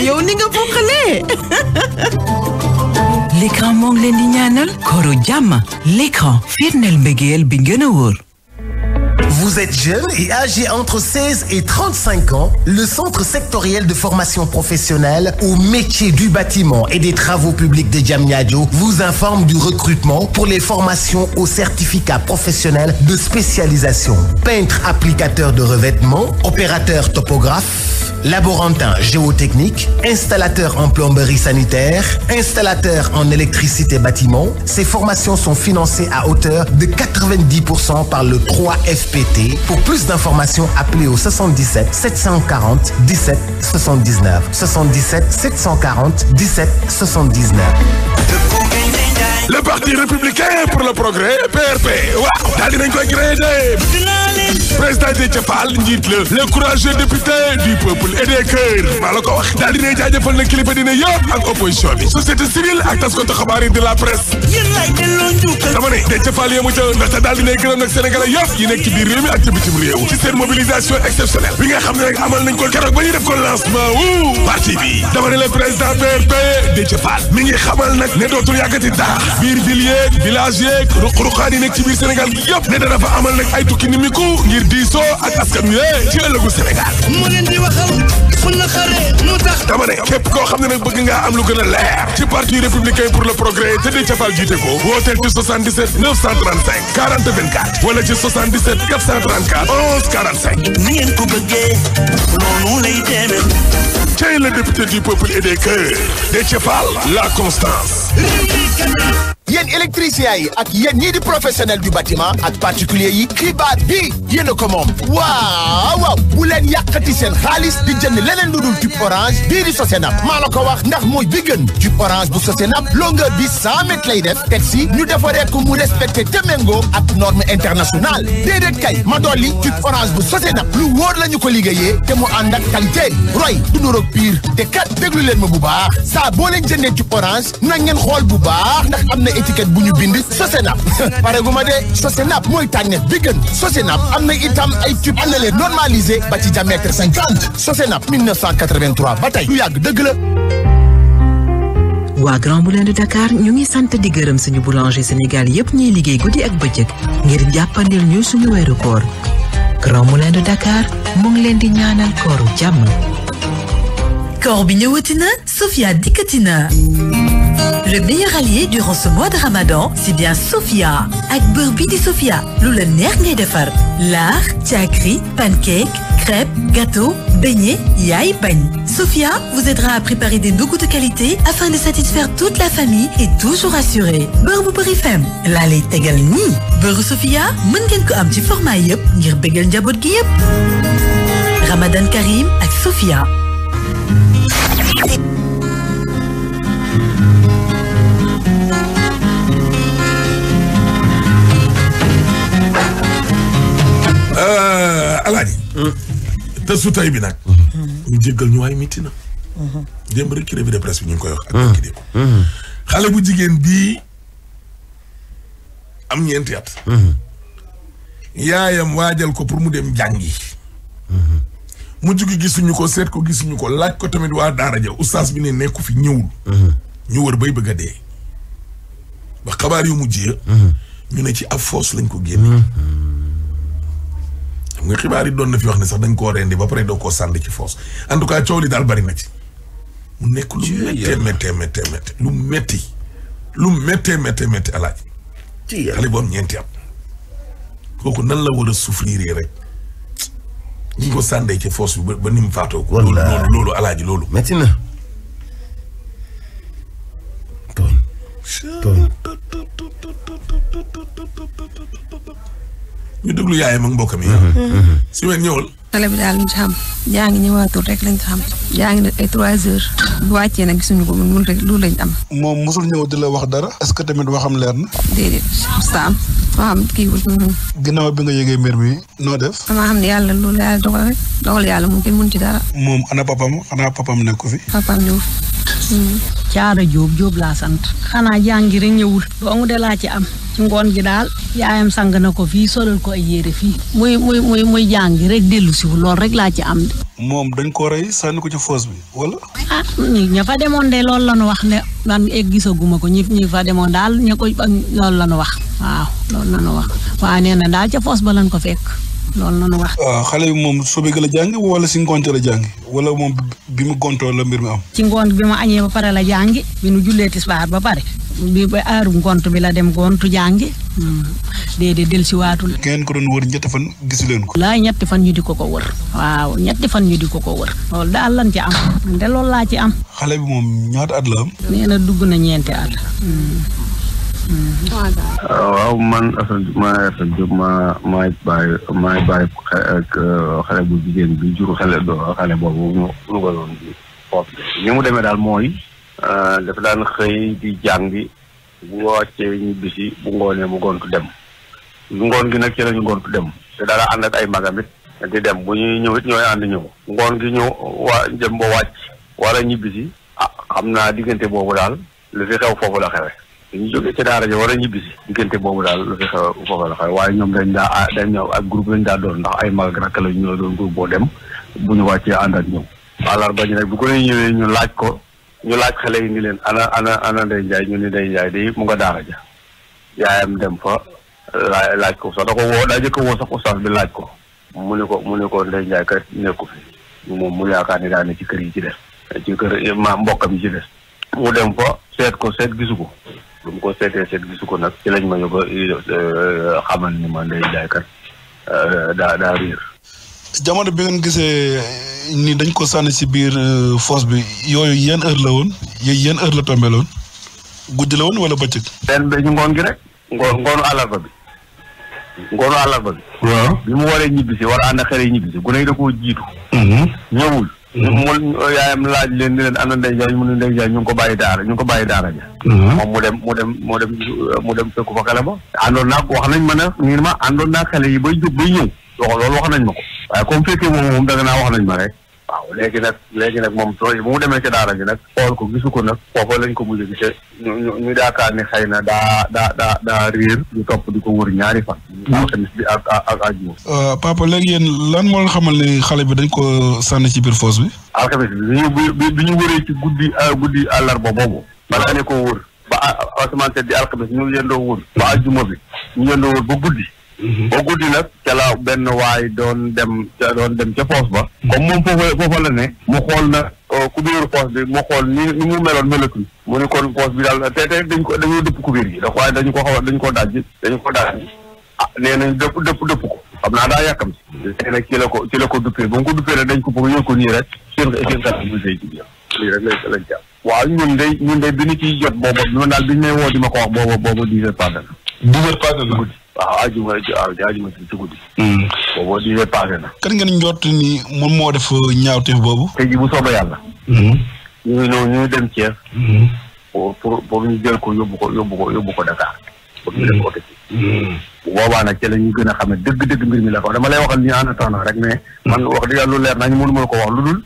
[laughs] yow ni nga bokkalee. [laughs] l'écran moo ngi leen di ñaanal kooru jàmm l'écran firndeel mbégeel bi gën a wóor Vous êtes jeune et âgé entre 16 et 35 ans, le Centre sectoriel de formation professionnelle au métier du bâtiment et des travaux publics de Diamniadio vous informe du recrutement pour les formations au certificat professionnel de spécialisation. Peintre applicateur de revêtements, opérateur topographe laborantin géotechnique, installateur en plomberie sanitaire, installateur en électricité bâtiment. Ces formations sont financées à hauteur de 90% par le 3FPT. Pour plus d'informations, appelez au 77 740 17 79 77 740 17 79. Le Parti républicain pour le progrès, PRP. Waaw, daal dinañ koy créé. président Déthié Fall njiit la le courageux député du peuple et des wax daal dinay jaajëfal na kilifa dina yëpp opposition société civile ak taskatu xabaar yi de la presse yéen lay delloo njukkal ne Déthié Fall yemu ca mi ak ci bitim réew ci mobilisation exceptionnelle bi nga xam ne rek amal nañ ko keroog ba ñuy def ko lancement wu ne le président mi ngi xamal ne dootul yàggati dara biir ville yeeg village yeeg ruq-ruqaan yi ne dana diisoo ak askan wi eh, ci ëllëgu Sénégal mu leen di waxal mun na xare nu tax dama ne képp koo xam ne nag bëgg ngaa am lu gën a leer ci parti républicain pour le progrès te di cafal jiite ko wooteel ci 77 935 40 24 wala ci 77 434 11 45 ni lay demee Cey le du peuple et des cœurs Déthié Fall la constance yéen électricien yi ak yéen ñii di professionnel du bâtiment ak particulier yi xibaar bi yéen a ko moom waaw waaw bu leen yàqati seen xaalis di jënd leneen lu dul tube orange bii di Sosenap maa la ko wax ndax mooy bi gën tube orange bu Sosenap longueur bi 100 mètres lay def teg ñu defaree ko mu respecté te méngoo ak norme internationale déedéet kay ma dolli tube orange bu Sosenap lu wóor la ñu ko liggéeyee te mu ànd ak qualité roy du nuroog pire te leen ma bu baax saa boo leen jëndee tube orange na ngeen xool bu baax étiquette bu ñu bind Sosenap pare gu ma dee Sosenap mooy tànnet bi gën Sosenap am na itam ay tube annelé normalisé ba ci diamètre cinquante Sosenap 1983 ba tey lu yàgg dëgg la. waa Grand leen de Dakar ñu ngi sant di gërëm suñu boulanger Sénégal yépp ñuy liggéey guddi ak bëccëg ngir jàppandil ñu suñu weeru koor Grand leen de Dakar mu ngi leen di ñaanal kooru jàmm. koor bi ñëwati na Sofia dikkati le meilleur allié durant ce mois de ramadan si bien Sofia ak beurre bi di Sofia lu la neex ngay defar laax caakri pancake crêpes gâteaux beignets yaay bañ Sofia vous aidera à préparer des ndogu de qualité afin de satisfaire toute la famille et toujours assuré beurre bu bari fem laa lay beurre Sofia mën ngeen ko am ci format yëpp ngir bégal njaboot gi yëpp Ramadan Karim ak Sofia alaaji mm. te su tay bi nag mm-hmm. Mm-hmm. ñu jéggal ñu waay mitti na mm-hmm. démb rek ci de presse bi ñu ngi koy wax ak ki xale bu jigéen bii am ñeenti at yaayam waajal ko pour mu dem jàngi mu gi gisuñu ko seet ko gisuñu ko laaj ko tamit waa daara ja oustaz bi ne nekku fi ñëwul ñu wër bay bëgg a dee ba xabaar yu mujjee ñu ne ci ab foos lañ ko génne xam nga xibaar yi doon na fi wax ne sax dañ koo rendi ba pare doo koo sànni ci foos en tout cas coow li daal bari na ci. mu nekk lu méttee méttee méttee lu métti lu méttee méttee méttee alaaj ci xale bu am ñeenti nan la war a souffrir rek ñu ko sànnee ci foos bi ba ni mu faatoo ko loolu loolu alaaji loolu métti na ñu déglu yaayam ak mbokk mi. Symbiose ñëwal. xale bi daal luñ ci xam yaa ngi ñëwaatul rek lañ ci que tamit waxam leer na. déedéet saam waxam kii wul. ginnaaw bi xam ne yàlla loolu yàlla dogal rek dogal yàlla moom kenn mun ci dara. moom ana papam xanaa papam nekku fi. papam ñëw. Caara Jóob Jóob laa sant. xanaa jàngi laa ci am. ci ngoon gi daal. yaayam sang na ko fii solal ko ay yére fii. muy muy muy muy jàngi rek siiw loolu rek laa ci am. moom dañ ko rey sànni ko ci foos bi wala. ah ña fa demoon de loolu la ñu wax ne man egg gisaguma ko ñi ñi fa demoon daal ña ko loolu la ñu wax waaw loolu la ñu wax waaw nee daal ca foos ba lañ ko fekk. loolu noonu wax. waaw xale bi moom sobeeg la jàngi wala si ngoonte la jàngi wala moom bi mu gontoo la mbir mi am. ci ngoon bi mu añee ba pare la jàngi bi nu jullee tisbaar ba pare bi ba aaru ngont bi la dem gontu jàngi. Hmm, déedéet dellusiwaatul. ngeen ko doon wër ñetti fan gis leen ko. laay ñetti fan ñu di ko ko wër. waaw ñetti fan ñu di ko ko wër. loolu daal lan ci am. man de loolu laa ci am. xale bi moom ñaata at la am. nee dugg na ñeenti at. Hmm. waaw man Assane maa Assane Diop maa maay bàyyi maay bàyyi euh, xale bu jigéen bi jur xale xale boobu ñu demee daal mooy euh, dafa daan xëy di jàngi bu wàccee bu ngoonee mu gontu dem ngoon gi nag ci lañu gontu dem te dara ànd ay magam it dem bu ñuy ñëw it ñooy ànd gi ñëw waa ñibbisi ah xam naa diggante boobu daal lu fi xew foofu la xewe ñu jógee ca daara ja war a ñibbi si diggante boobu daal lu fi xew foofa la xew waaye ñoom dañ daa dañ ñëw ak groupe lañ daa doon ndax ay mag rakk la ñu doon groupe boo dem bu ñu wàccee ànd ak ñoom. àllarba ñu nag bu ko nee ñëwee ñu laaj ko ñu laaj xale yi ni leen ana ana ana Ndeye Ndiaye ñu ni Ndeye Ndiaye di mu nga daara ja yaayam dem fa laaj laaj ko sax da ko woo daa jëkk woo sax oustaz bi laaj ko mu ni ko mu ne ko Ndeye Ndiaye kat nekku fi moom mu yaakaar ni daa ne ci kër yi ci des ci kër ma mbokkam yi ci des mu dem fa seet ko seet ko bu mu ko seetee seet gisu ko nag ci lañ ma yóbbu euh, euh, xamal ni ma ndey jaay kat euh, daa daa riir. jamono bi ngeen gisee ni dañ ko sànni si biir fosse bi yooyu yenn heure la woon yooyu yenn heure la tombé woon guddi la woon wala bëccëg. benn bi ngoon gi rek. ngoon ngoonu àllarba bi. ngoonu àllarba bi. waaw bi mu waree ñibbisi war a ànd xel ñibbisi gune da koo jiitu. Mm-hmm. ñëwul. mu yaayam laaj leen ni leen am na ndey jaay mu ne ndey jaay ñu ngi ko bàyyi daara ñu ko bàyyi daara ja mhm. moom mu dem mu dem mu dem mu dem fekku fa xale ba àndoon naa wax nañ ma ne ñu ma àndoon naa xale yi bay jóg bay ñëw loolu wax nañ ma ko waaye comme fekkee moom moom da naa wax nañ ma rek waaw léegi nag léegi nag moom sooy bu mu demee ca daara ji nag xool ko gisu ko nag foofa lañ ko mujj gisee ñu ñu ñu yaakaar ni xëy na daa daa daa daa réer ñu topp di ko wër ñaari fan. Hmm. alxamis bi ak ak àjjuma. Euh, papa léegi yéen lan moo leen xamal ne xale bi dañ ko sànni ci biir fosse bi. alxamis bi bi bi bi ñu wëree ci guddi euh, guddi àllarba boobu. balaa ne koo wër ba asamaan di alxamis ñu yëndoo wër. ba àjjuma bi ñu yëndoo wër ba guddi. Mhm. ba guddi nag ca la benn waaye doon dem ca doon dem ca poos ba. comme moom foofa foofa la ne. mu xool na kubéeru euh, poos bi mu xool ni ni mu meloon melatul. mu ne ko poos bi daal te te dañ ko dañoo dëpp kubéer gi ndax waaye dañu ko xaw dañu ko daaj dañu ko daaj ah nee dëpp dëpp dëpp ko. xam naa daa yàkkam ci. léegi nag ci la ko ci la ko duppee ba mu ko duppee nag dañ ko bëgg ko nii rek. seen seen xarit ñu ngi lii bi ñu ciy jot boobu ñun daal bi ñu may woo di ma ko wax boobu boobu dix na. dix heures na guddi waaw aajuma aajuma ah, si si guddi. Hmm. boobu di ne paase na. kan ngeen njort ni moom moo def euh, ñaawteef boobu. tey jii bu soobee yàlla. Hmm. ñu ngi ñëw ñu dem Thiès. Hmm. pour pour pour ñu jël ko ko yóbbu ko yóbbu ko Dakar. pour ñu def ko ci. bu la gën a xam ne dëgg-dëgg mbir mi la ko dama lay waxal ñu en attendant rek mais. man wax dëgg yàlla lu leer nañ mënu ma ko wax lu dul.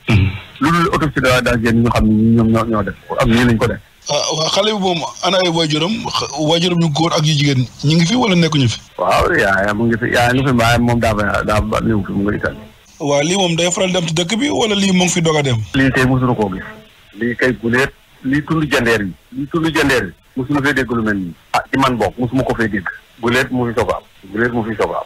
lu dul autopsie daal daal ñu xam ne ñoom ñoo ñoo def ko am nii lañ ko def. waaw ah, ah, xale bi moom ana ay waajuram waajuram ñu góor ak yu jigéen ñi ngi fi wala nekkuñu fi. waaw yaay mu ngi fi yaay mu fi waaye moom daa ba daa ba néew fi mu ngi Italie. waaw lii moom day faral dem ci dëkk bi wala lii mu fi doog dem. lii kay mosuñu koo gis. lii kay guleet. lii tund jandeer bi. lii tund jandeer bi. mosuñu fee dégg lu mel nii. ah ci man bokk mosuma ko fee dégg. guleet mu fi soog a am. guleet mu fi soog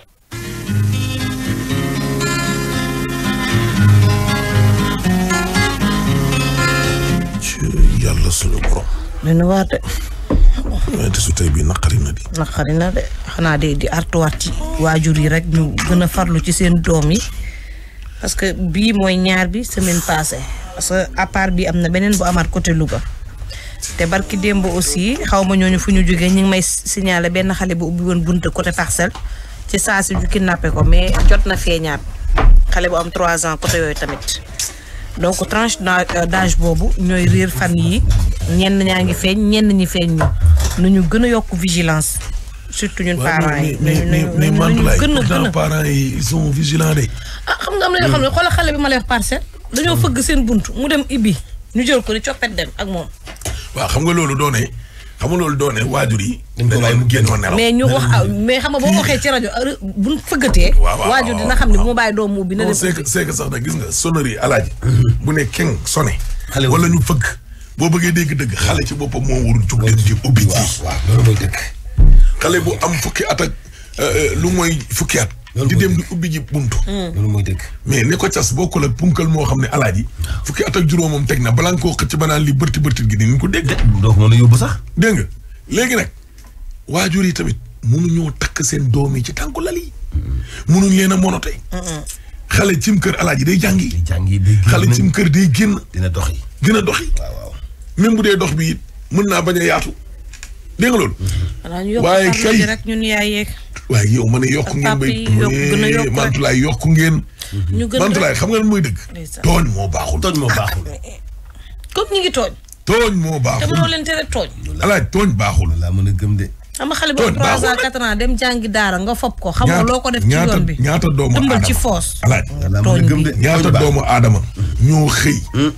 suñu borom. dina waar de. mais su tey bii naqari na di. na de xanaa de di artuwaat ci waajur yi rek ñu gën a farlu ci seen doom yi parce que bii mooy ñaar bi semaine passée parce que à bi am na beneen bu amaat côté Louga. te barki démb aussi xaw ma ñooñu fu ñu jógee ñu ngi may signaler benn xale boo ubbi woon bunte côté parcelle ci saa si ju kidnappé ko mais jot na fee feeñaat xale boo am trois ans côté yooyu tamit. donc tranche euh, d'âge boobu ñooy réer fan yi ñenn ñaa ngi feeñ ñenn ñi feeñ ñu nu ñu gën a yokk vigilance surtout ñun parents yi. mais Mantoulaye pourtant parents yi ils sont vigilants de. ah xam nga am xam ne xoolal xale bi ma lay parce parcelle. dañoo fëgg seen bunt mu dem ibbi ñu jël ko di coppet dem ak moom. waaw xam nga loolu doone xam loolu doone waajur yi. dañ ko bàyyi mu génnoon nelaw mais ñu wax mais xam nga boo ci rajo buñ fëggatee. waajur dina xam ne bu ma bàyyi doom mu bi na. c'est sax nag gis nga sonnerie alaaji. Mm-hmm. bu ne keng sonné. wala ñu fëg boobu bëggee dégg dëgg xale ci boppam moo warul jug dem di ubbi ji. waaw waaw loolu xale bu am fukki ata euh, euh, lu moy fukki at. di dem di ubbi ji buntu. Mm. mooy dëgg. mais ne ko cas bokkul ak punkal moo xam ne alaaji fukki at ak juróomam teg na balaa nga koo xëcc ba naan li bërti bërti gi dinañ ko dégg. doo a yóbbu léegi nag waajur yi tamit munuñoo takk seen doom yi ci tànku lal yi. munuñ leen a monote. xale cim kër alaaji day jàngi. day jàngi day génn xale cim kër day génn. dina doxi dina doxi. waaw waaw même bu dee dox bi it mën naa bañ a yaatu. dégg nga loolu. waaye kay waaye yow ma ne yokk ngeen bay tuuti mantulaay yokk ngeen. ñu gën mantulaay xam nga lan mooy dëgg. tooñ moo baaxul tooñ moo baaxul. [laughs] comme ñu ngi tooñ. tooñ moo baaxul te mënoo leen tere tooñ. alaaj tooñ baaxul. laa a gëm de. xam nga xale boobu 3 ans 4 ans dem nga fob ko. xam loo ko def ci yoon bi ñaata doomu aadama tëmbal ci foos. alaaj tooñ bi ñaata doomu aadama. Hmm. ñoo xëy. Hmm.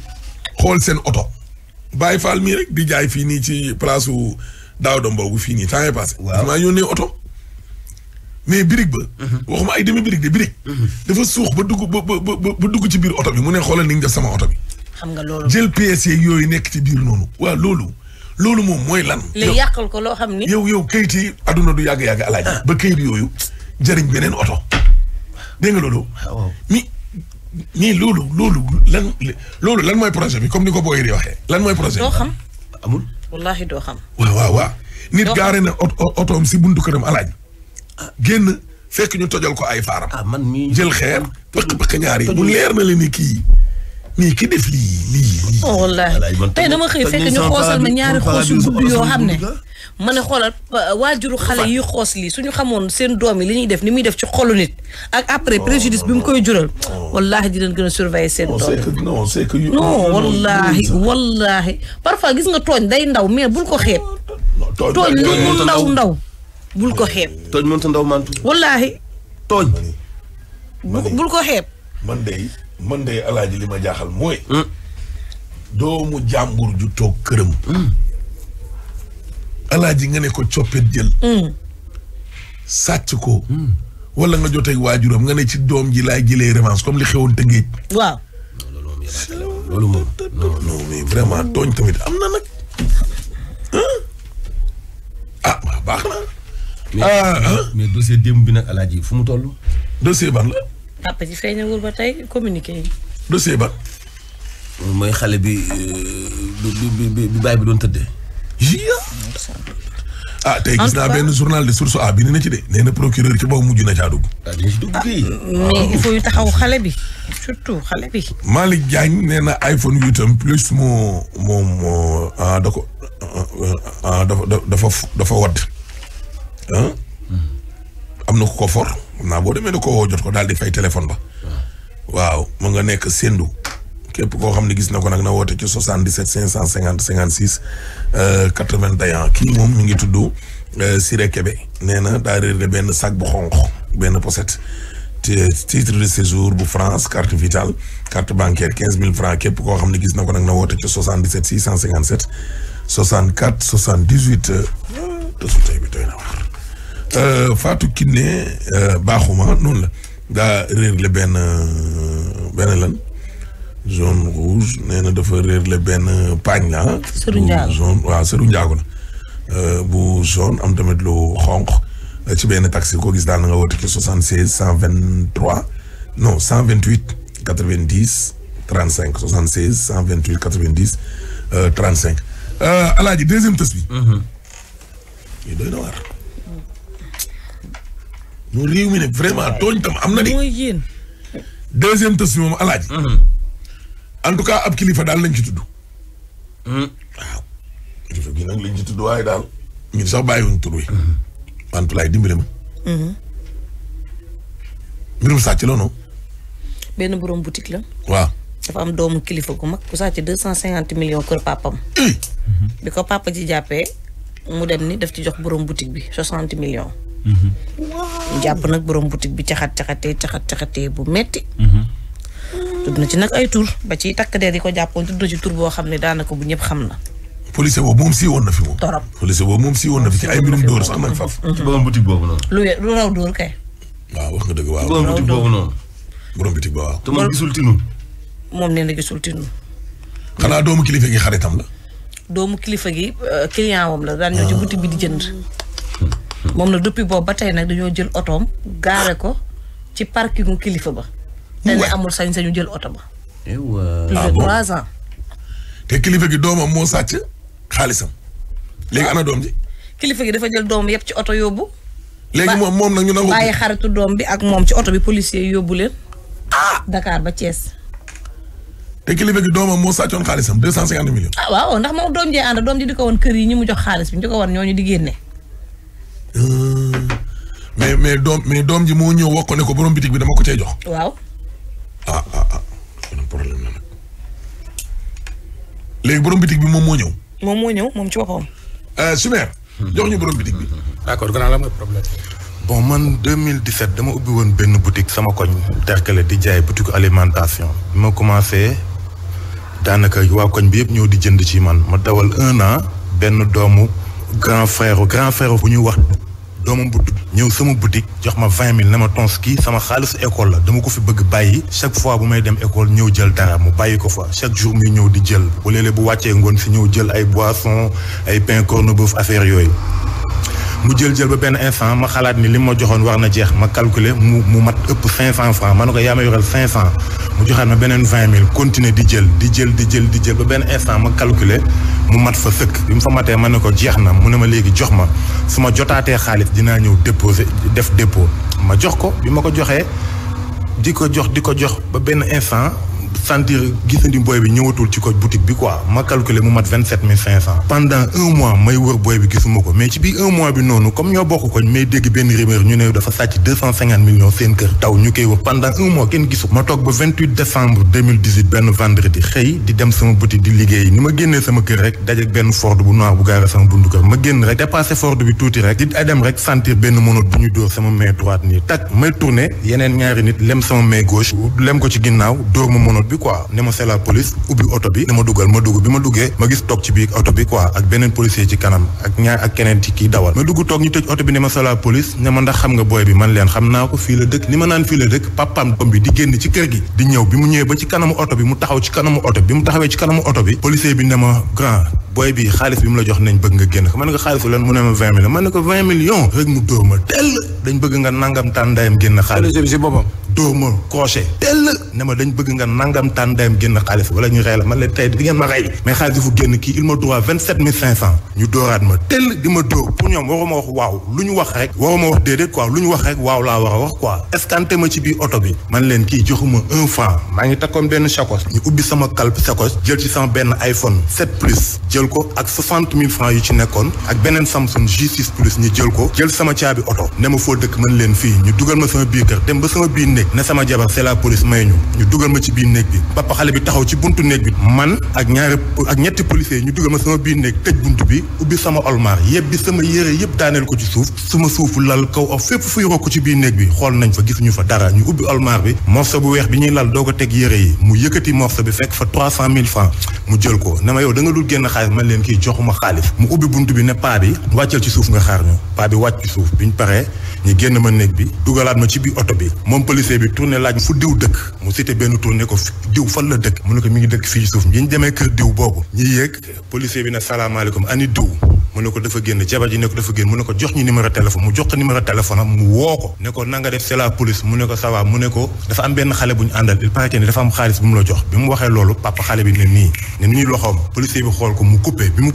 xool seen oto. bàyyi faal mii rek di jaay fii nii ci place daaw da mboogu fii nii temps yii passé. waaw dafa maa yónnee oto. mais birig ba. Mhm. waxuma ay demi birig de birig. Mhm. dafa suux ba dugg ba ba dugg ci biir oto bi mu ne xoolal ni nga def sama oto bi. xam nga loolu jël PSC yooyu nekk ci biir noonu. waa loolu loolu moom mooy lan. léegi yàqal ko loo xam ni. yow yow kayit yi aduna du yàgg yàgg alaaji. Ah. ba kayit yooyu jëriñ beneen oto. dégg nga loolu. mi mi loolu loolu lan loolu lan mooy projet bi comme ni ko booy di waxee. lan mooy projet bi xam amul. wallaahi doo xam. waaw nit gaare otoom si buntu këram alaaj ah. génn fekk ñu tojal ko ay faaram. Ah, man mii jël xeer pëq pëq ñaar yi. leer na leen kii mais ki def lii lii lii. Oh, tey dama xëy fekk ñu xoosal ma ñaari xoosu gudd yoo xam ne. ma ne xoolal waajuru xale yi xoos lii su ñu xamoon seen doom yi li ñuy def ni muy def ci xolu ak après oh, préjudice bi mu koy jural. Oh. wallaahi dinañ gën a surveiller seen doom. non c'est que non parfois gis nga tooñ day ndaw mais bul ko xeeb. tooñ lu ndaw ndaw bul ko xeeb. tooñ mënta ndaw mantu. wallaahi. tooñ. bul ko xeeb. man de alaaji li ma jaaxal mooy. Mm. doomu jàmbur ju toog këram. Mm. alaaji nga ne ko coppet jël. Mm. sàcc ko. wala nga jotee waajuram nga ne ci doom ji laay jëlee revanche comme li xewoon Tëngéej. waaw. loolu moom non mais vraiment tooñ tamit am na nag. ah baax na. ah mais dossier démb bi nag yi fu mu toll. dossier ban la. papa ji feeñagul ba tey communiqué yi. dossier ba. mooy xale euh, bi bi bi bi baay bi doon tëddee. ah tey gis naa benn journal de source a bi ni na ci de nee procureur ci boobu mujj na caa dugg. Ah, ah. xale bi surtout xale bi. nee na iPhone yu itam plus moo moom moo ah, ah dafa dafa dafa am na ko ko for naa boo demee ne ko woo jot ko daal di fay téléphone ba. waaw mu nga nekk Sendou. képp koo xam ne gis na ko nag na woote ci 77 550 56 81 kii moom mi ngi tudd euh, Siré Kébé nee na daa réer benn sac bu xonq benn pochette. titre de séjour bu France carte vitale carte bancaire quinze mille francs képp koo xam ne gis na ko nag na woote ci 77 657 64 78. Euh, Fatou Kiné euh, baaxuma noonu la daa réer la benn euh, benn lan zone rouge nee na dafa réer la benn paañ la ah. sëru njaago zone waaw la bu zone am tamit lu xonq ci benn taxi ko gis daal na nga woote ci soixante seize cent vingt trois non cent vingt huit quatre vingt dix trente cinq soixante seize cent vingt huit quatre vingt dix trente cinq alaaji deuxième tës non réew mi nag vraiment tooñ tam am na de. mooy yéen. deuxième tës bi moom alaaji. Mhm. en tout cas ab kilifa daal lañ ci tudd. Mhm. waaw. kilifa gi tudd waaye daal. ñun sax bàyyiwuñ tur wi. Mantoulaye dimbali ma. Mhm. mbirum sàcc la noonu. benn borom boutique la. waaw. dafa am doomu kilifa gu mag ku sàcc deux cent cinquante millions kër papam bi ko papa ji jàppee mu dem ni daf ci jox borom boutique bi soixante million Mm-hmm. jàpp nag borom boutique bi caxat caxatee caxat caxatee bu metti mm-hmm. tudd ci nag ay tur ba ci takk der yi ko jàppoon tudd na ci tur boo xam ne daanaka bu ñëpp xam na. police boobu moom sii woon na fi moom. torop police woon na fi ci ay mbirum dóor sax nag faf. Mm-hmm. ci borom boutique boobu noonu. lu lu raw dóor kay. waaw wax nga dëgg waaw. borom boutique boobu noonu. borom boutique ba waaw. te moom gisul tinu. moom nee na gisul tinu. xanaa doomu kilifa gi xaritam la. doomu kilifa gi euh, client wam la daan ñëw ci ah. boutique bi di jënd. moom na depuis boobu ba tey nag dañoo jël otoom gaare ko ci parkingu kilifa ba. te ne amul sañ-sañu jël oto ba. plus de ah trois ans. te kilifa gi doomam moo sàcc xaalisam. léegi ana doom ji. kilifa gi dafa jël doomam yëpp ci oto yóbbu. léegi moom moom nag ñu nangu bàyyi xaritu doom bi ak moom ci oto bi policier yóbbu leen. Ah! Dakar ba Thiès. te kilifa gi moo sàccoon xaalisam deux cent cinquante millions. ah waaw ndax moom doom jee ànd doom ji di ko woon kër yi ñu mu jox xaalis bi ñu ko woon ñooñu di génne. Euh, mais mais doom mais doom ji moo ñëw wax ko ne ko borom bitig bi dama ko cay jox. waaw. ah ah ah léegi borom bitig bi moom moo ñëw. moom moo ñëw moom ci boppam. Euh, Sumer. jox ñu borom bitig bi. d'accord gannaaw la mooy problème. bon man 2017 dama ubbi woon benn boutique sama koñ terkale di jaay boutique alimentation bi ma commencé daanaka waa koñ bi yëpp ñëw di jënd ci man ma dawal un an benn doomu grand frère grand frère bu ñuy wax doomam bu tudd ñëw sama boutique jox ma vingt mille na ma tons kii sama xaalisu école la dama ko fi bëgg bàyyi chaque fois bu may dem école ñëw jël dara mu bàyyi ko fa chaque jour muy ñëw di jël bu léeg-léeg bu wàccee ngoon si ñëw jël ay boisson ay pain corned boofu affaire yooyu mu jël jël ba benn instant ma xalaat ni li ma joxoon war na jeex ma calculer mu mu mat ëpp cinq cent franc ma ne ko yaa ma yoreel cinq cent mu joxaat ma beneen vingt mille continuer di jël di jël di jël di jël ba benn instant ma calculer mu mat fa sëkk bi mu fa matee ma ne ko jeex na mu ne ma léegi jox ma su ma jotaatee xaalis dinaa ñëw déposé def dépo ma jox ko bi ma ko joxee di ko jox di ko jox ba benn instant. sentir gisandi booy bi ñëwatul ci ko boutique bi quoi ma calculer mu mat vingt sept mille cinq cent pendant un mois may wër booy bi gisuma ko mais ci biir un mois bi noonu comme ñoo bokk koñ may dégg benn rumeur ñu ne dafa sàcc deux cent cinquante millions seen kër taw ñu koy pendant un mois kenn gisu ma toog ba vingt huit décembre benn vendredi xëy di dem sama boutique di liggéey ni ma génnee sama kër rek dajeeg benn Ford bu noir bu gaare sama bundu kër ma nit lem ko ci ginnaaw bi quoi ne ma c'est police ubbi oto bi ne ma dugal ma dugg bi ma duggee ma gis toog ci biir oto bi quoi ak beneen policier ci kanam ak ñaar ak keneen ci kii dawal ma dugg toog ñu tëj oto bi ne ma c'est la police ne ma ndax xam nga booy bi man leen xam naa ko fii la dëkk ni ma naan fii la dëkk papaam doom bi di génn ci kër gi di ñëw bi mu ñëwee ba ci kanamu oto bi mu taxaw ci kanamu oto bi mu taxawee ci kanamu oto bi policier bi ne ma grand booy bi xaalis génn ko man nga xaalis lan mu ne ma vingt millions man ne ko nga nangam tàndaayam génn xaalis bi dóor ma crochet tell ne ma dañ bëgg nga nangam tàndaayam génn xaalis wala ñu rey la man la tey di ngeen ma rey mais xaalis fu génn kii il ma vingt sept mille cinq cent ñu dóoraat ma tell di ma dóor pour ñoom waruma wax waaw lu ñu wax rek waruma wax déedéet quoi lu ñu wax rek waaw laa wax quoi escanté ma ci biir oto bi man leen kii joxuma un franc maa ngi takkoon benn sakos ñu ubbi sama kalp sakos jël ci sama benn iPhone 7 plus jël ko ak soixante mille francs yu ci nekkoon ak beneen Samsung j ma dee ne sama jabar c'est la police may ñu ñu dugal ma ci biir néeg bi papa xale bi taxaw ci buntu néeg bi man ak ñaari ak ñu dugal ma sama biir néeg tëj buntu bi ubbi sama olmaar yëpp bi sama yére yëpp daaneel ko ci suuf ma suufu lal kaw ak fépp fuy rokk ci biir néeg bi xool nañ fa gisuñu fa dara ñu ubbi olmaar bi morceau bu weex bi ñuy lal doo ko teg yére yi mu yëkkati morceau bi fekk fa trois cent mille francs mu jël ko ne ma yow da dul génn xaalis man leen kii joxuma xaalis mu ubbi bunt bi ne paa bi wàccal ci suuf nga xaar ñu paa bi wàcc ci suuf biñ paree ñu génn ma néeg bi dugalaat ma ci biir oto bi université bi tourné laaj fu diw dëkk mu cité benn tourné ko diw fan la dëkk mu ne ko mi ngi dëkk fii suuf bi ñu demee kër diw boobu ñi yéeg policier bi ne salaamaaleykum ani mu ne ko dafa génn jabar ji ne ko dafa génn mu ne ko jox ñu numéro téléphone mu jox ko numéro téléphone am mu ko ne nga def la police mu ne ko ça va mu ne ko xale bu ñu àndal il paraît que ni dafa am mu la jox bi mu waxee loolu papa xale bi ne nii ne nii bi xool ko mu coupé bi mu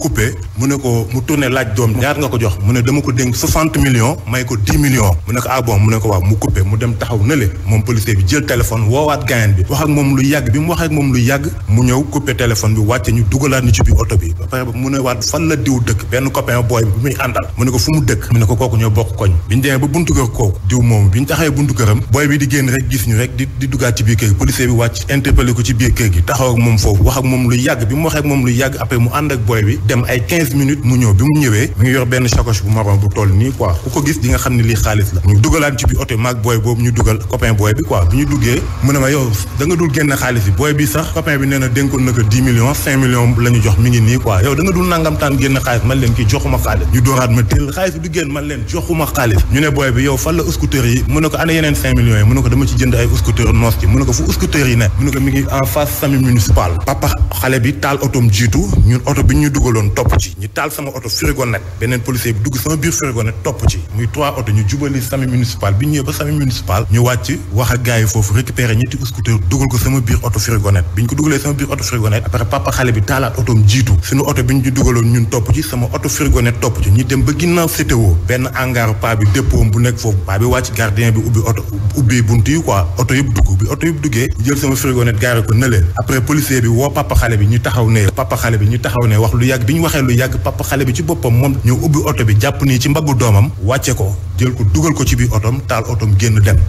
mu ne ko mu tourné laaj doom ñaar nga ko jox mu ne dama ko dénk 60 million may ko 10 millions mu ne ko ah mu ne ko waaw mu coupé mu dem taxaw nële moom policier bi jël téléphone woowaat gaayan bi wax ak moom lu yàgg bi mu wax ak moom lu yàgg mu ñëw coupé téléphone bi wàcce ñu ne ko fu mu ko kooku ñoo bokk koñ bi ñu demee ba buntu kër kooku diw moom bi ñu taxawee ko bi mu wax ak moom lu yàgg après mu ànd ak booy bi dem ay quinze minutes mu ñëw bi mu ñëwee mu ngi yor benn sacoche bu marron bu toll nii quoi ku ko gis di xam ne lii xaalis la ñu dugalaat ci biir oto maag booy boobu ñu dugal copain booy bi quoi bi ñu duggee mu ne ma yow da dul génn xaalis bi booy bi sax copain bi nee na dénkoon na dix millions cinq millions la jox mi ngi nii quoi yow da dul nangam génn xaalis man leen kii joxuma xaalis ñu dooraat ma téel xaalis bi du génn leen joxuma xaalis ñu ne booy bi yow fan la yi mu ne ko ana yeneen cinq millions yi mu ne ko dama ci jënd ay scooter noos ci mu ne ko fu scooter yi ne mu ne ko mi ngi en face sami wax ak yi foofu récupéré ñetti scooter dugal ko sama biir oto fourgonnette bi ñu ko dugalee sama biir oto fourgonnette après papa xale bi taalaat otoom jiitu suñu oto bi ñu ci ñun topp ci sama oto fourgonnette topp ci ñu dem ba ginnaaw CTO benn hangar paa bi dépôt bu nekk foofu paa bi wàcc gardien bi ubbi oto ubbi bunt yi quoi oto yëpp dugg bi oto yëpp duggee jël sama fourgonnette gaare ko nële après policier bi woo papa xale bi ñu taxaw ne papa xale taxaw ne wax lu yàgg bi ñu waxee lu yàgg papa xale bi ci boppam moom ñëw ubbi oto bi jàpp nii ci mbaggu doomam wàcce ko jël ko dugal ko ci biir otom taal otom génn dem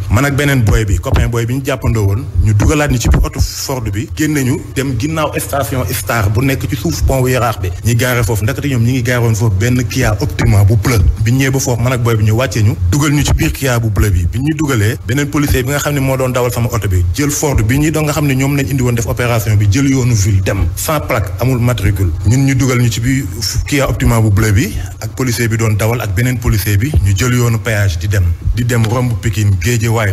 beneen boy bi copain boy bi ñu jàppandoo woon ñu dugalaat ñu ci bu nekk ci suuf pont Yaraax bi ñi gaare foofu ndaxte ñoom ñi ngi gaaroon foofu benn Kia Optima bu bleu bi ñëwee ba foofu man bi ñu wàccee ñu dugal ñu ci biir Kia bu bleu bi bi ñu dugalee moo doon dawal sama oto bi jël Ford bi ne ñoom lañ indi woon def opération bi jël yoonu ville ñu dugal ñu ci biir Kia Optima bu bleu bi ak policier bi doon dawal ak beneen policier bi ñu jël yoonu péage di dem di dem romb Pikine Guédiawaye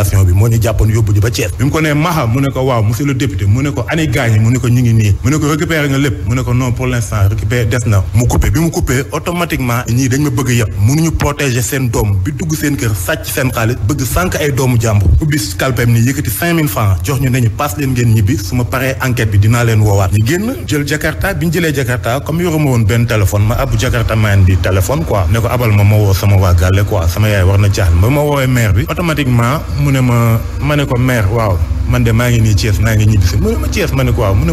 opération bi moo ñu jàppoon yóbbu ñu ba Thiès bi mu ko nee maha mu ne ko waaw monsieur le député mu ne ko ani gaañi mu ne ko ñu ngi nii mu ne ko récupéré nga lépp mu ne ko ay doomu jàmbur ubbi kalpem ni yëkkati cinq mille francs jox ñu nañu paas leen ngeen ñibbi su ma paree enquête bi dinaa leen woowaat ñu génn jël jakarta bi ñu jëlee jakarta comme yoruma benn téléphone ma abu jakarta mayen bi téléphone quoi ne ko abal ma ma woo sama waa gàlle quoi sama yaay war mu ne ma ma ne ko maire waaw man de maa ngi nii Thiès maa ngi ñibbisi mu ne ma Thiès ma ne ko mu ne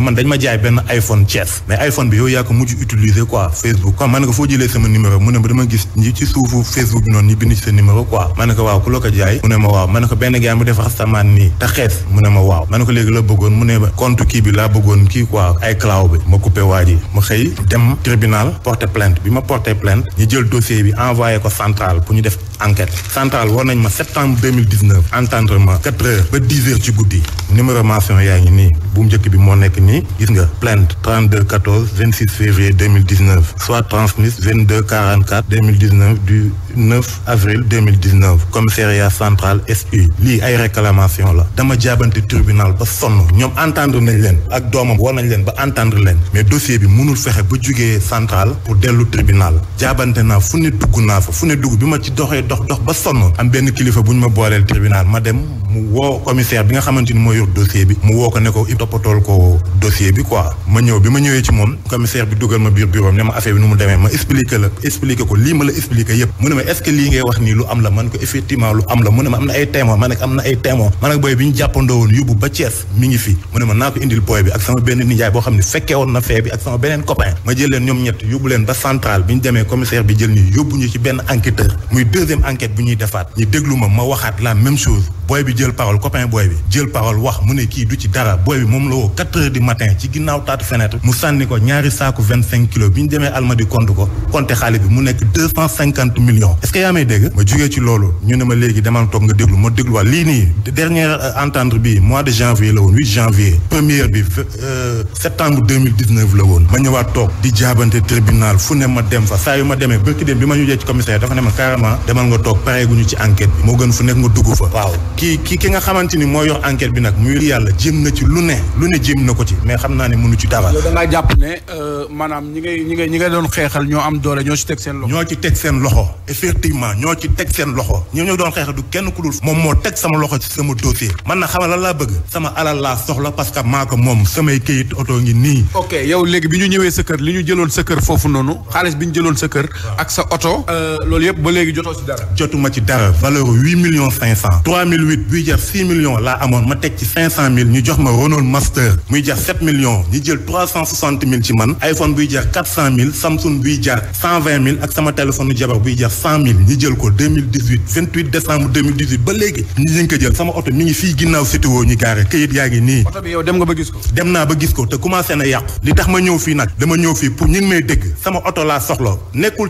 ma dañ ma jaay benn iPhone Thiès mais iPhone bi yow yaa mujj utiliser quoi Facebook quoi ma ne ko foo jëlee sama numéro mu ne ma dama gis ci suufu Facebook noonu ñu bind ci sa numéro quoi ma ne ko waaw ku la ko jaay mu ne ma waaw ma ne ko benn gaay mu def rastamaan nii te xees mu ne ma waaw ma ne ko léegi la bëggoon mu ne ma compte kii bi laa bëggoon kii quoi ay claw bi ma coupé waa ji ma xëy dem tribunal porté plainte bi ma porte plainte ñu jël dossier bi envoyé ko central pour ñu def enquête centrale woon nañ ma septembre 2019 entendre ma quatre heures ba dix heures ci guddi numéro yaa ngi nii bu njëkk bi moo nekk nii gis nga plainte 32 14 26 février 2019 soit transmise 22 44 2019 du 9 avril 2019 commissariat central SU lii ay réclamation la dama jaabante tribunal ba sonn ñoom entendre nañ leen ak doomam woon nañ leen ba entendre leen mais dossier bi mënul fexe ba jugee central pour dellu tribunal jaabante naa fu ne dugg naa fa fu ne dugg bi ma ci doxee dox dox ba sonn am benn kilifa bu ñu ma booleel tribunal ma dem mu bi nga xamante ni moo yor dossier bi mu woo ko ne ko moom commissaire bi dugal ma biir bureau ne ma affaire bi nu mu demee ma expliqué la expliqué ko lii ma la expliqué yëpp mu ne ma est-ce que lu am la man ko effectivement lu am la mu ne ma am na ay témoin man nag am na ay témoin man nag booy bi ñu jàppandoo woon yóbbu ba Thiès mi ngi fi mu ne ma naa ko indil booy bi ak sama benn nijaay boo xam ne fekkee woon na fee ak sama beneen copain deuxième bu ñuy defaat ñu déglu ma ma waxaat la même chose booy bi jël parole copain booy bi jël parole wax mu ne kii du ci dara booy bi moom la woo quatre heures du matin ci ginnaaw taatu fenêtre mu sànni ko ñaari saaku vingt cinq kilos bi ñu demee almadi compte ko compte xaalis bi mu nekk deux cent cinquante millions est ce que yaa may dégg ma jugee ci loolu ñu ne ma léegi demal toog nga déglu ma dégluwaat lii nii dernière euh, entente bi mois de janvier la woon huit janvier première bi euh, septembre deux mille dix neuf la woon ma ñëwaat toog di jaabante tribunal fu ne ma dem fa saa yu ma nga toog pareeguñu ci enquête bi moo gën fu nekk nga dugg fa waaw kii ki nga xamante ni moo yor enquête bi nag muy yàlla jéem na ci lu ne lu ne jéem na ko ci mais xam naa ne mënu ci dara da ngaa moo teg sama loxo ci sama dossier man na xamal lan laa bëgg sama alal laa soxla parce que maa ko moom samay këyit oto ngi nii ok yow léegi bi ñu ñëwee sa kër li ñu jëloon sa kër foofu noonu xaalis bi ñu jëloon sa kër ak sa oto euh, loolu yëpp ba léegi jotoo ci dara jotuma ci dara valeur huit millions cinq cent. trois mille huit buy jar six millions laa amoon ma teg ci cinq cent jox ma Renault Master muy jar sept millions jël ci man iPhone buy jar Samsung buy jar cent ak sama téléphone jabar buy jar cent mille jël ko deux ba léegi ñu ngi jël sama oto mi ngi fii ginnaaw Sétiwoo ñu gaare këyit yaa ngi nii. dem nga ba gis ko. te commencé na yàqu li tax ma ñëw fii nag dama ñëw fii pour ñu may dégg sama oto laa soxla nekkul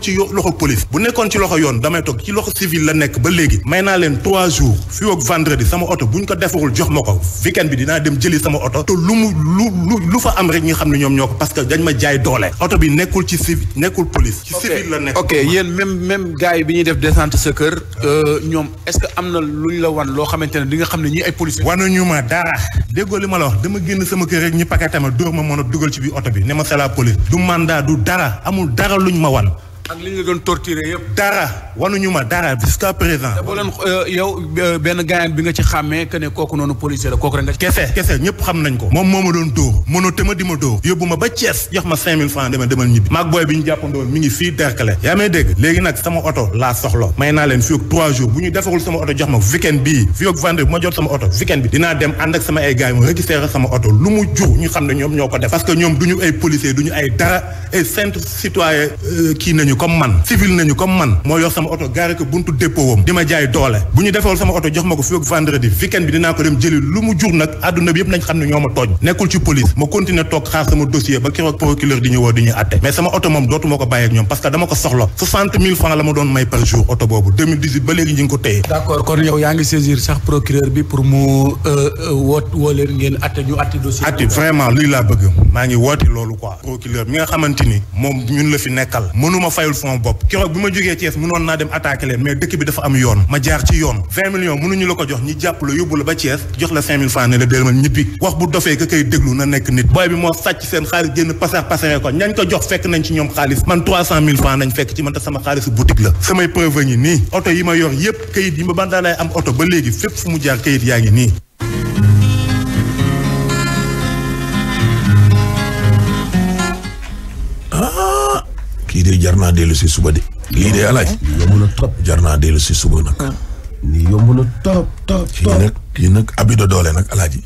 loxo civil la nekk ba léegi may naa leen trois jours fii ak vendredi sama oto bu ñu ko defarul jox ma ko weekend bi dinaa dem jëli sama oto te lu mu lu lu fa am rek ñi xam ne ñoom ñoo ko parce que dañ ma jaay doole oto bi nekkul ci civil nekkul police. ci civil la nekk ok yéen même même gars yi bi ñuy def descente sa kër euh, ñoom est ce que am na lu ñu la wan loo xamante ne di nga xam ne ñii ay police. wanuñu ma dara déggoo li ma la wax dama génn sama kër rek ñu pakatama dóor ma mën a dugal ci biir oto bi ne ma c'est la police du mandat du dara amul dara luñ ma wan ak li ñu doon torturer yëpp. dara wanuñu ma dara jusqu'à présent. te leen euh, yow euh, benn gaañan bi nga ci xàmmee que ne kooku noonu policier la kooku rek nga. kese kese ñëpp xam nañ ko. moom moo ma doon dóor mënoo te ma di ma dóor. yóbbu ma ba Thiès jox ma 5000 francs dama demal ñibbi. maag booy bi ñu jàppandoon mi ngi fii Derklé. yaa may dégg léegi nag sama oto laa soxla. may naa leen fii ak jours bu ñu defarul sama oto jox ma weekend bii fii ak vendredi bu ma jot sama oto bi dinaa dem ñoom ñoo ko def parce que ñoom duñu ay policier duñu ay dara euh, kii nañu nañu comme man civil nañu comme nekkul ci police ma continuer toog xaar sama dossier ba keroog procureur di ñu woo di ñu atte mais sama oto moom dootu ko bàyyi ak ñoom parce que dama ko soxla soixante mille francs la ma doon may par jour oto boobu 2018 ba léegi ñu ngi ko téye d'accord kon yow yaa ngi saisir sax procureur bi pour mu euh, euh, woot woo leen ngeen atte ñu atte dossier atte vraiment lii laa bëgg maa ngi woote loolu quoi procureur mi nga xamante ni moom ñun la fayul sama bopp keroog bi ma jógee Thiès mënoon naa dem attaquer leen mais dëkk bi dafa am yoon ma jaar ci yoon vingt millions mënuñu la ko jox ñi jàpp la yóbbu la ba Thiès jox la mille francs ne la déemal ñibbi wax bu dofee ka koy déglu na nekk nit booy bi moo sàcc seen xaalis génn pasar pasare ko ñañ ko jox fekk nañ ci ñoom xaalis man trois cent mille francs nañ fekk ci man te sama xaalisu boutique la samay preuve ngi nii oto yi ma yor yépp kayit yi ma bandaa am oto yaa ngi nii kii de jar dellu si suba de. lii de alaaj yomb na trop jar naa dellu si suba nag. Ah. lii yomb na trop trop trop. nag kii doole nag alaaji.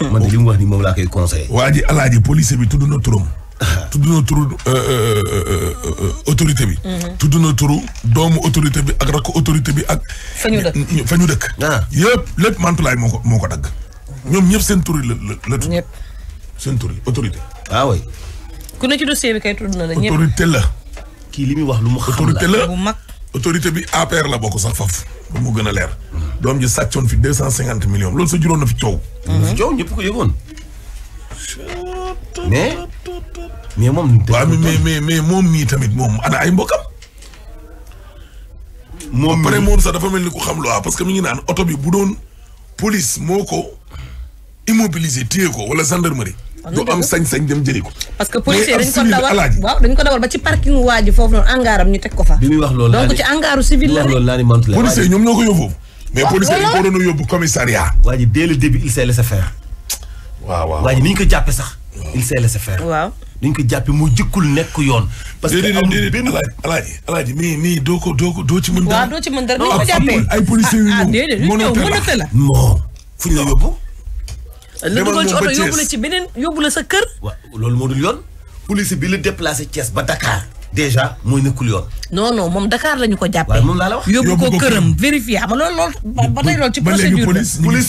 [laughs] man alaaji police bi tudd na turam. [laughs] tudd na turu euh, euh, euh, autorité bi. Mhm. tudd na turu doomu autorité bi ak rakk autorité bi ak. fa ñu dëkk fa ñu ah. lépp mantulaay moo ko moo ko dagg. ñoom ñëpp seen turi la la la. ñëpp seen turi autorité. Ah ku ne ci dossier kay tudd na la ñëpp autorité la. kii li muy wax lu mu xam la bu mag autorité bi APR la bokk sax faf ba mu gën a leer. doom ji sàccoon fi deux cent cinquante millions loolu sa juróom na fi coow. fi ñëpp ko yëgoon. mais. mais moom. waaw mais moom mii tamit moom ana ay mbokkam. moom pare moom sax dafa mel ni ku xam lu parce que mi ngi naan oto bi bu doon police moo ko immobilisé téye ko wala gendarmerie. du am sañ-sañ dem jëli ko. parce que policier dañ ko dawal waaw dañ ko dawal ba ci parking waa foofu noonu angaaram ñu teg ko fa. bi wax loolu laa donc ci angaaru civil la waaw waaw waa ji ni ñu ko jàppee sax. il s'est laissé faire. waaw ni ñu ko jàppee mu nekk yoon. parce que amul benn laaj alaaji alaaji doo ko doo doo ci mën dara. ay policiers yu ah, ñëw mënate la non fu ñu la yóbbu la dugal ci oto yóbbu la ci beneen yóbbu la sa kër. waaw loolu moo dul yoon. police bi la déplacé Thiès ba Dakar. déjà mooy nekkul yoon. non non moom Dakar lañu ko jàppee. waaw moom laa wax yóbbu ko këram vérifié xam nga loolu loolu. ba tey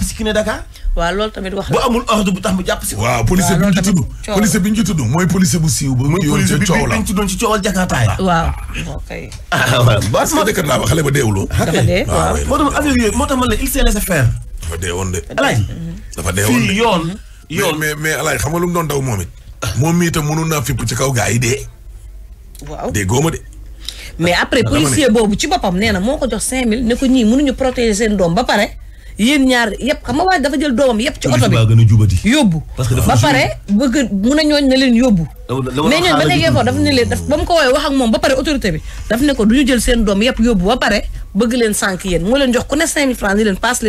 si ki ne Dakar. bu amul ordre bu tax mu jàpp si. waaw police bi ñu mooy police bu siiw ba. mooy police bi ci coowal Jakarta waaw ok. ah waaw parce naa ba xale ba deewuloo. Ah, dafa dee ah, waaw moo tax ma affaire il s'est laissé faire dafa dee woon de. alaay dafa dee woon yoon. yoon mais mais alaay xam nga lu mu doon daw moom it. moom mii itam mënoon naa fipp ci kaw gaa yi dee. waaw dee góoma de. mais après policier boobu ci boppam nee na moo ko jox 5000 ne ko ñii mënuñu protéger seen doom ba pare. yéen ñaar yëpp xam nga waaye dafa jël yëpp ci oto bi gën a ba pare mun a ñooñ na leen yóbbu mais ñooñ ba nekkee foofu daf ne leen daf a mu ko woowee wax ak moom ba pare autorité bi daf ne ko du ñu jël seen ba pare bëgg yéen moo leen jox ku ne cinq mille francs ni leen paas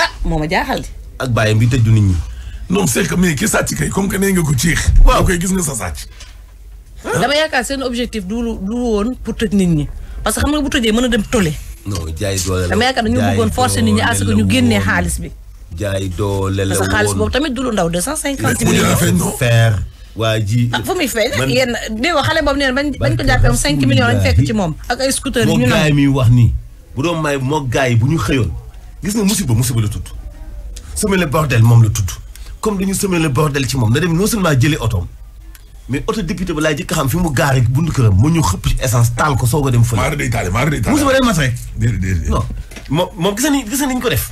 ah, jaaxal di ak bàyyam bi tëj du nit ñi non c'est que mais ki sàcc kay comme que nee nga ko ciix waaw koy gis sa sàcc dama yaakaar seen objectif du du woon pour te nit ñi parce que xam nga bu tojee mën a dem tolle. non jaay doole la jaay doole ñu bëggoon forcer nit ñi à ce que ñu génnee xaalis bi. parce que xaalis boobu tamit du lu ndaw 250 millions. faire ji. ah fu muy nee na bañ ko jàppee millions lañ fekk ci moom. ak ay scooter yu ñu naan wax nii. bu doon may moo gars yi bu ñu xëyoon gis nga musiba musiba la tudd semer le bordel moom la tudd comme dañu semer le bordel ci moom na dem non seulement jëlee otoom mais oto député ba laay jëkk xam fi mu gaare buntu këram mu ñu xëpp ci essence taal ko soog a dem fële. nañ gis nañ ko def.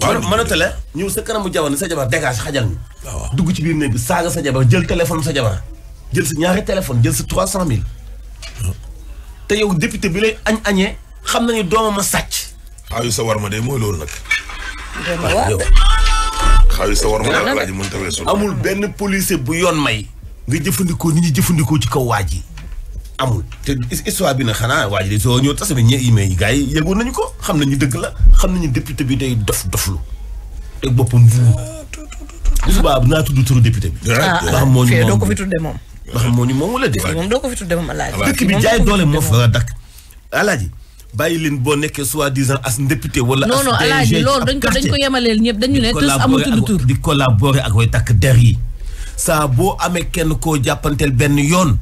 waaw mënate la ñëw sa kanamu jabar ne sa jabar dégage xajal ñu. Ah, dugg ci biir néeg bi saaga sa jabar jël téléphone sa jabar jël sa ñaari téléphone jël sa trois cent mille. Ah. te yow député bi lay añ añee xam nañu doomam a sàcc. xaayu sa war ma de mooy loolu nag. xaayu sa war ma de alaaji mën amul benn policier bu yoon may nga jëfandikoo nit ñi jëfandikoo ci kaw waa ji amul te histoire bi na xanaa waaj ji soo soo ñëw tas bi ñe yi gars yi yëgoon nañu ko xam nañu dëgg la xam nañu député bi day dof doflu te boppam buur bu subaa naa tudd turu député bi. ah, ah moom. ba xam moo ñu moom wala de. moom doo ko fi tuddee moom alaaji. dëkk bi bàyyi leen boo nekkee soi-disant as député wala as. non non dañ ko dañ ko yemaleel ñëpp dañu ne tous amul tudd tur di collaborer ak way takk der yi saa boo amee kenn koo jàppanteel benn yoon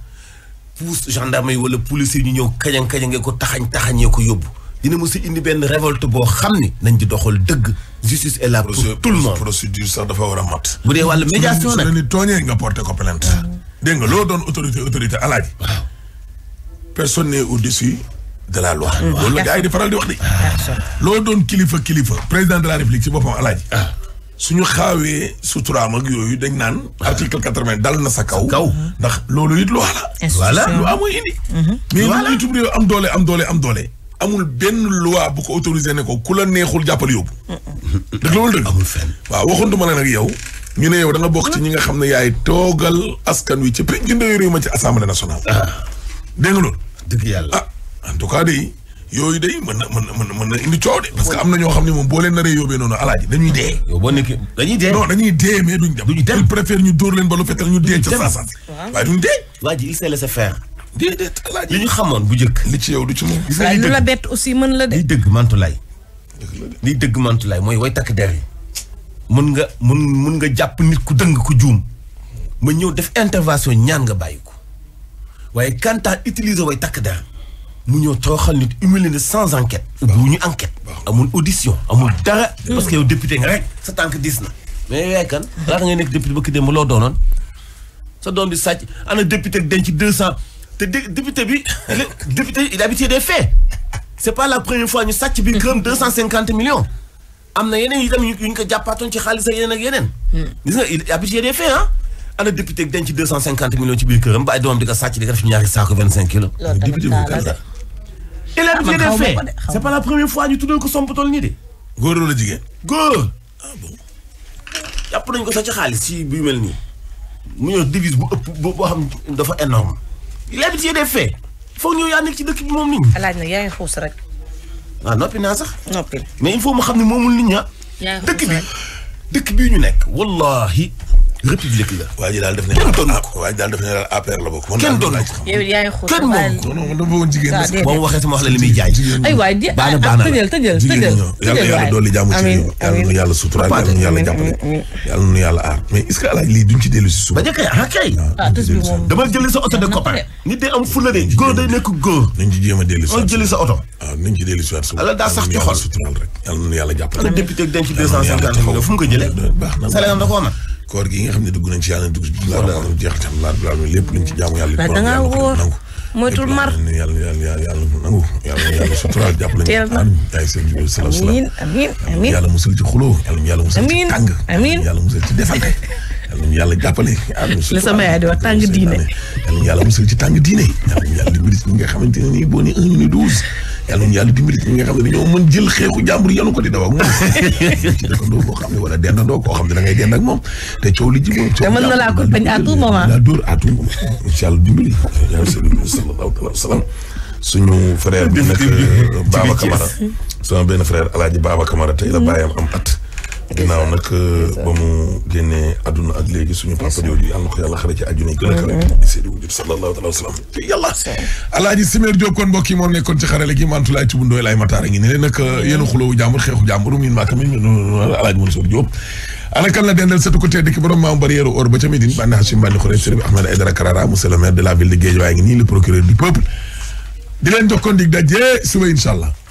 pousse gendarme yi wala police yi ñu ñëw kañang kañangee ko taxañ taxañee ko yóbbu dina mos indi benn révolte boo xam ni nañ di doxal dëgg justice est là pour tout le monde procédure sax dafa war a mat. bu dee wàllu médiation nag tooñee nga porté ko plainte. Ah. nga loo doon autorité autorité alaaji. waaw personne au-dessus de la loi. Mm. loolu la gars yi di faral di wax de. Ah. loo doon kilifa kilifa président de la république ci boppam alaaji. Ah. su ñu xaawee suturaam ak yooyu dañ naan article quatre-vingt dal na sa kaw kaw ndax loolu it lu wala voilà lu amoo indi mhm. lu itub am doole am doole am amul benn loi bu ko autorisé ne ko ku la neexul jàppal yóbbu dëgg loolu dëgg amul fenn ma waxuntuma la nag yow ñu ne yow da bokk ci ñi nga xam ne yaay toogal askan wi ci pénc ndaw réew ma ci assemblée nationale ah. dégg nga loolu dëgg yàlla ah en tout cas de yooyu day mën na mën na mën na indi coow de parce que am na ñoo xam ne moom boo leen naree yóbbee noonu alaaji dañuy dee yow boo nekkee dañuy dee non dañuy dee mais duñ dem duñ dem ils préfèrent ñu dóor leen ba lu fekkal ñu dee ca sasas waaye duñ dee waa ji il s'est laissé faire déedéet alaaji li ñu xamoon bu jëkk li ci yow du ci moom waaye lu la bett aussi mën la de liy dëgg mantulaay liy dëgg mantulaay mooy way takk der yi mën nga mën mën nga jàpp nit ku dëng ku juum ma ñëw def intervention ñaan nga bàyyi ko waaye kantaa utiliser way takk der mu ñëw tooxal nit humilié ne sans enquête. bu ñu enquête. amul audition amul dara. Hmm. parce que yow député nga rek sa tànk diis na. mais yaay kan hmm. laata ngay nekk député sa doom di sàcc ana député denc deux te député bi [laughs] député il habitué des faits c' est pas la première fois ñu sàcc bi këram hmm. deux cent cinquante millions. am na yeneen itam yu ñu ko jàppaatoon ci xaalis ak yeneen ak yeneen. gis nga il habitué des ah. ana député denc deux cent cinquante millions ci biir këram ba ay di ko sàcc il a ah, bien fait c'est pas la première fois ñu tuddal ko somp toll nii de. góor la jigéen. góor. ah bon. jàpp nañu ko sax ci xaalis ci bi mel nii. mu ñëw devise bu ëpp boo xam dafa énorme il a bien fait. foog ñëw yaa nekk ci dëkk bi moom nit alaaj nag yaa ngi xuus rek. ah noppi naa sax. noppi mais xam ne moomul nit ña. Ah. dëkk dëkk bii ñu nekk. wallahi république la. waa ji daal def ne. kenn doon na ko waa ji daal def ne daal APR la bokk. kenn doon na ko yow yaa ngi xool kenn moom ko non non non boobu jigéen la. boo ma waxee sama wax la li muy jaay. ay waay di baana baana la tëjal tëjal tëjal yàlla yàlla dolli jàmm ci réew yàlla nu yàlla suturaal yàlla nu yàlla jàppale yàlla nu yàlla aar mais est-ce que alaaj lii duñ ci dellu si suuf. ba njëkk ah kay. ah, ah tës bi moom dama jëli sa oto de copain. nit day am fulla de góor day nekk góor. nañ ci jéem a dellu si waat jëli sa oto. waaw ah, nañ ci dellu si waat suuf. ala daa sax ci xol yàlla nu yàlla suturaal rek yàlla nu yàlla jàppale. ana député denc 250 millions fu mu ko jëlee. salaire am da koo man koor gi nga xam ne dugg nañ ci yàlla dugg ci la daal jeexal tam la daal lépp luñ ci jaamu yàlla da nga wóor moytul mar yàlla yàlla yàlla nangu yàlla yàlla suturaal jàppale ay sëñ bi sallallahu alayhi wasallam amiin yàlla musul ci xuloo yàlla musul ci tàng la sama yaay di wax tàng diine yàlla yàlla musul ci tàng diine yàlla yàlla dimbali nga xamante ne nii boo ni un yàlla ñu yàlla dimbali ñi nga xam ne dañoo mën jël xeexu jàmbur yanu ko di daw ak moom ci dëkkandoo boo xam ne wala dendandoo xam ne da ngay dend moom te coow li ji moom te mën a laa ko bañ à tout moment laa dóor à tout moment incha suñu frère bi nag Baba Camara sama benn frère alaaji Baba Camara tey la mm. bàyyam am at ginnaaw nag euh, ba mu génnee àdduna ak suñu papa jooju yàlla na ko yàlla xare ci àjjuna yi gën a kawe mm-hmm. di seedi wujur sallallahu alayhi wa sallam yàlla Simeer Diop kon mbokk yi moo nekkoon ci xarale gi mantulaay ci bundooy laay mataara ngi ne leen nag euh, mm-hmm. yéen a xuloo jàmbur xeexu jàmbur miin maa tamit alaaji Mansour Diop ana kan la dendal sa côté dëkk borom maam barrière or ba ca Médine bànni Hachim bànni xuré sëriñ Ahmed Aïdara Karara monsieur le maire de la ville de Guédiawaye ngi di leen jox kon dig daje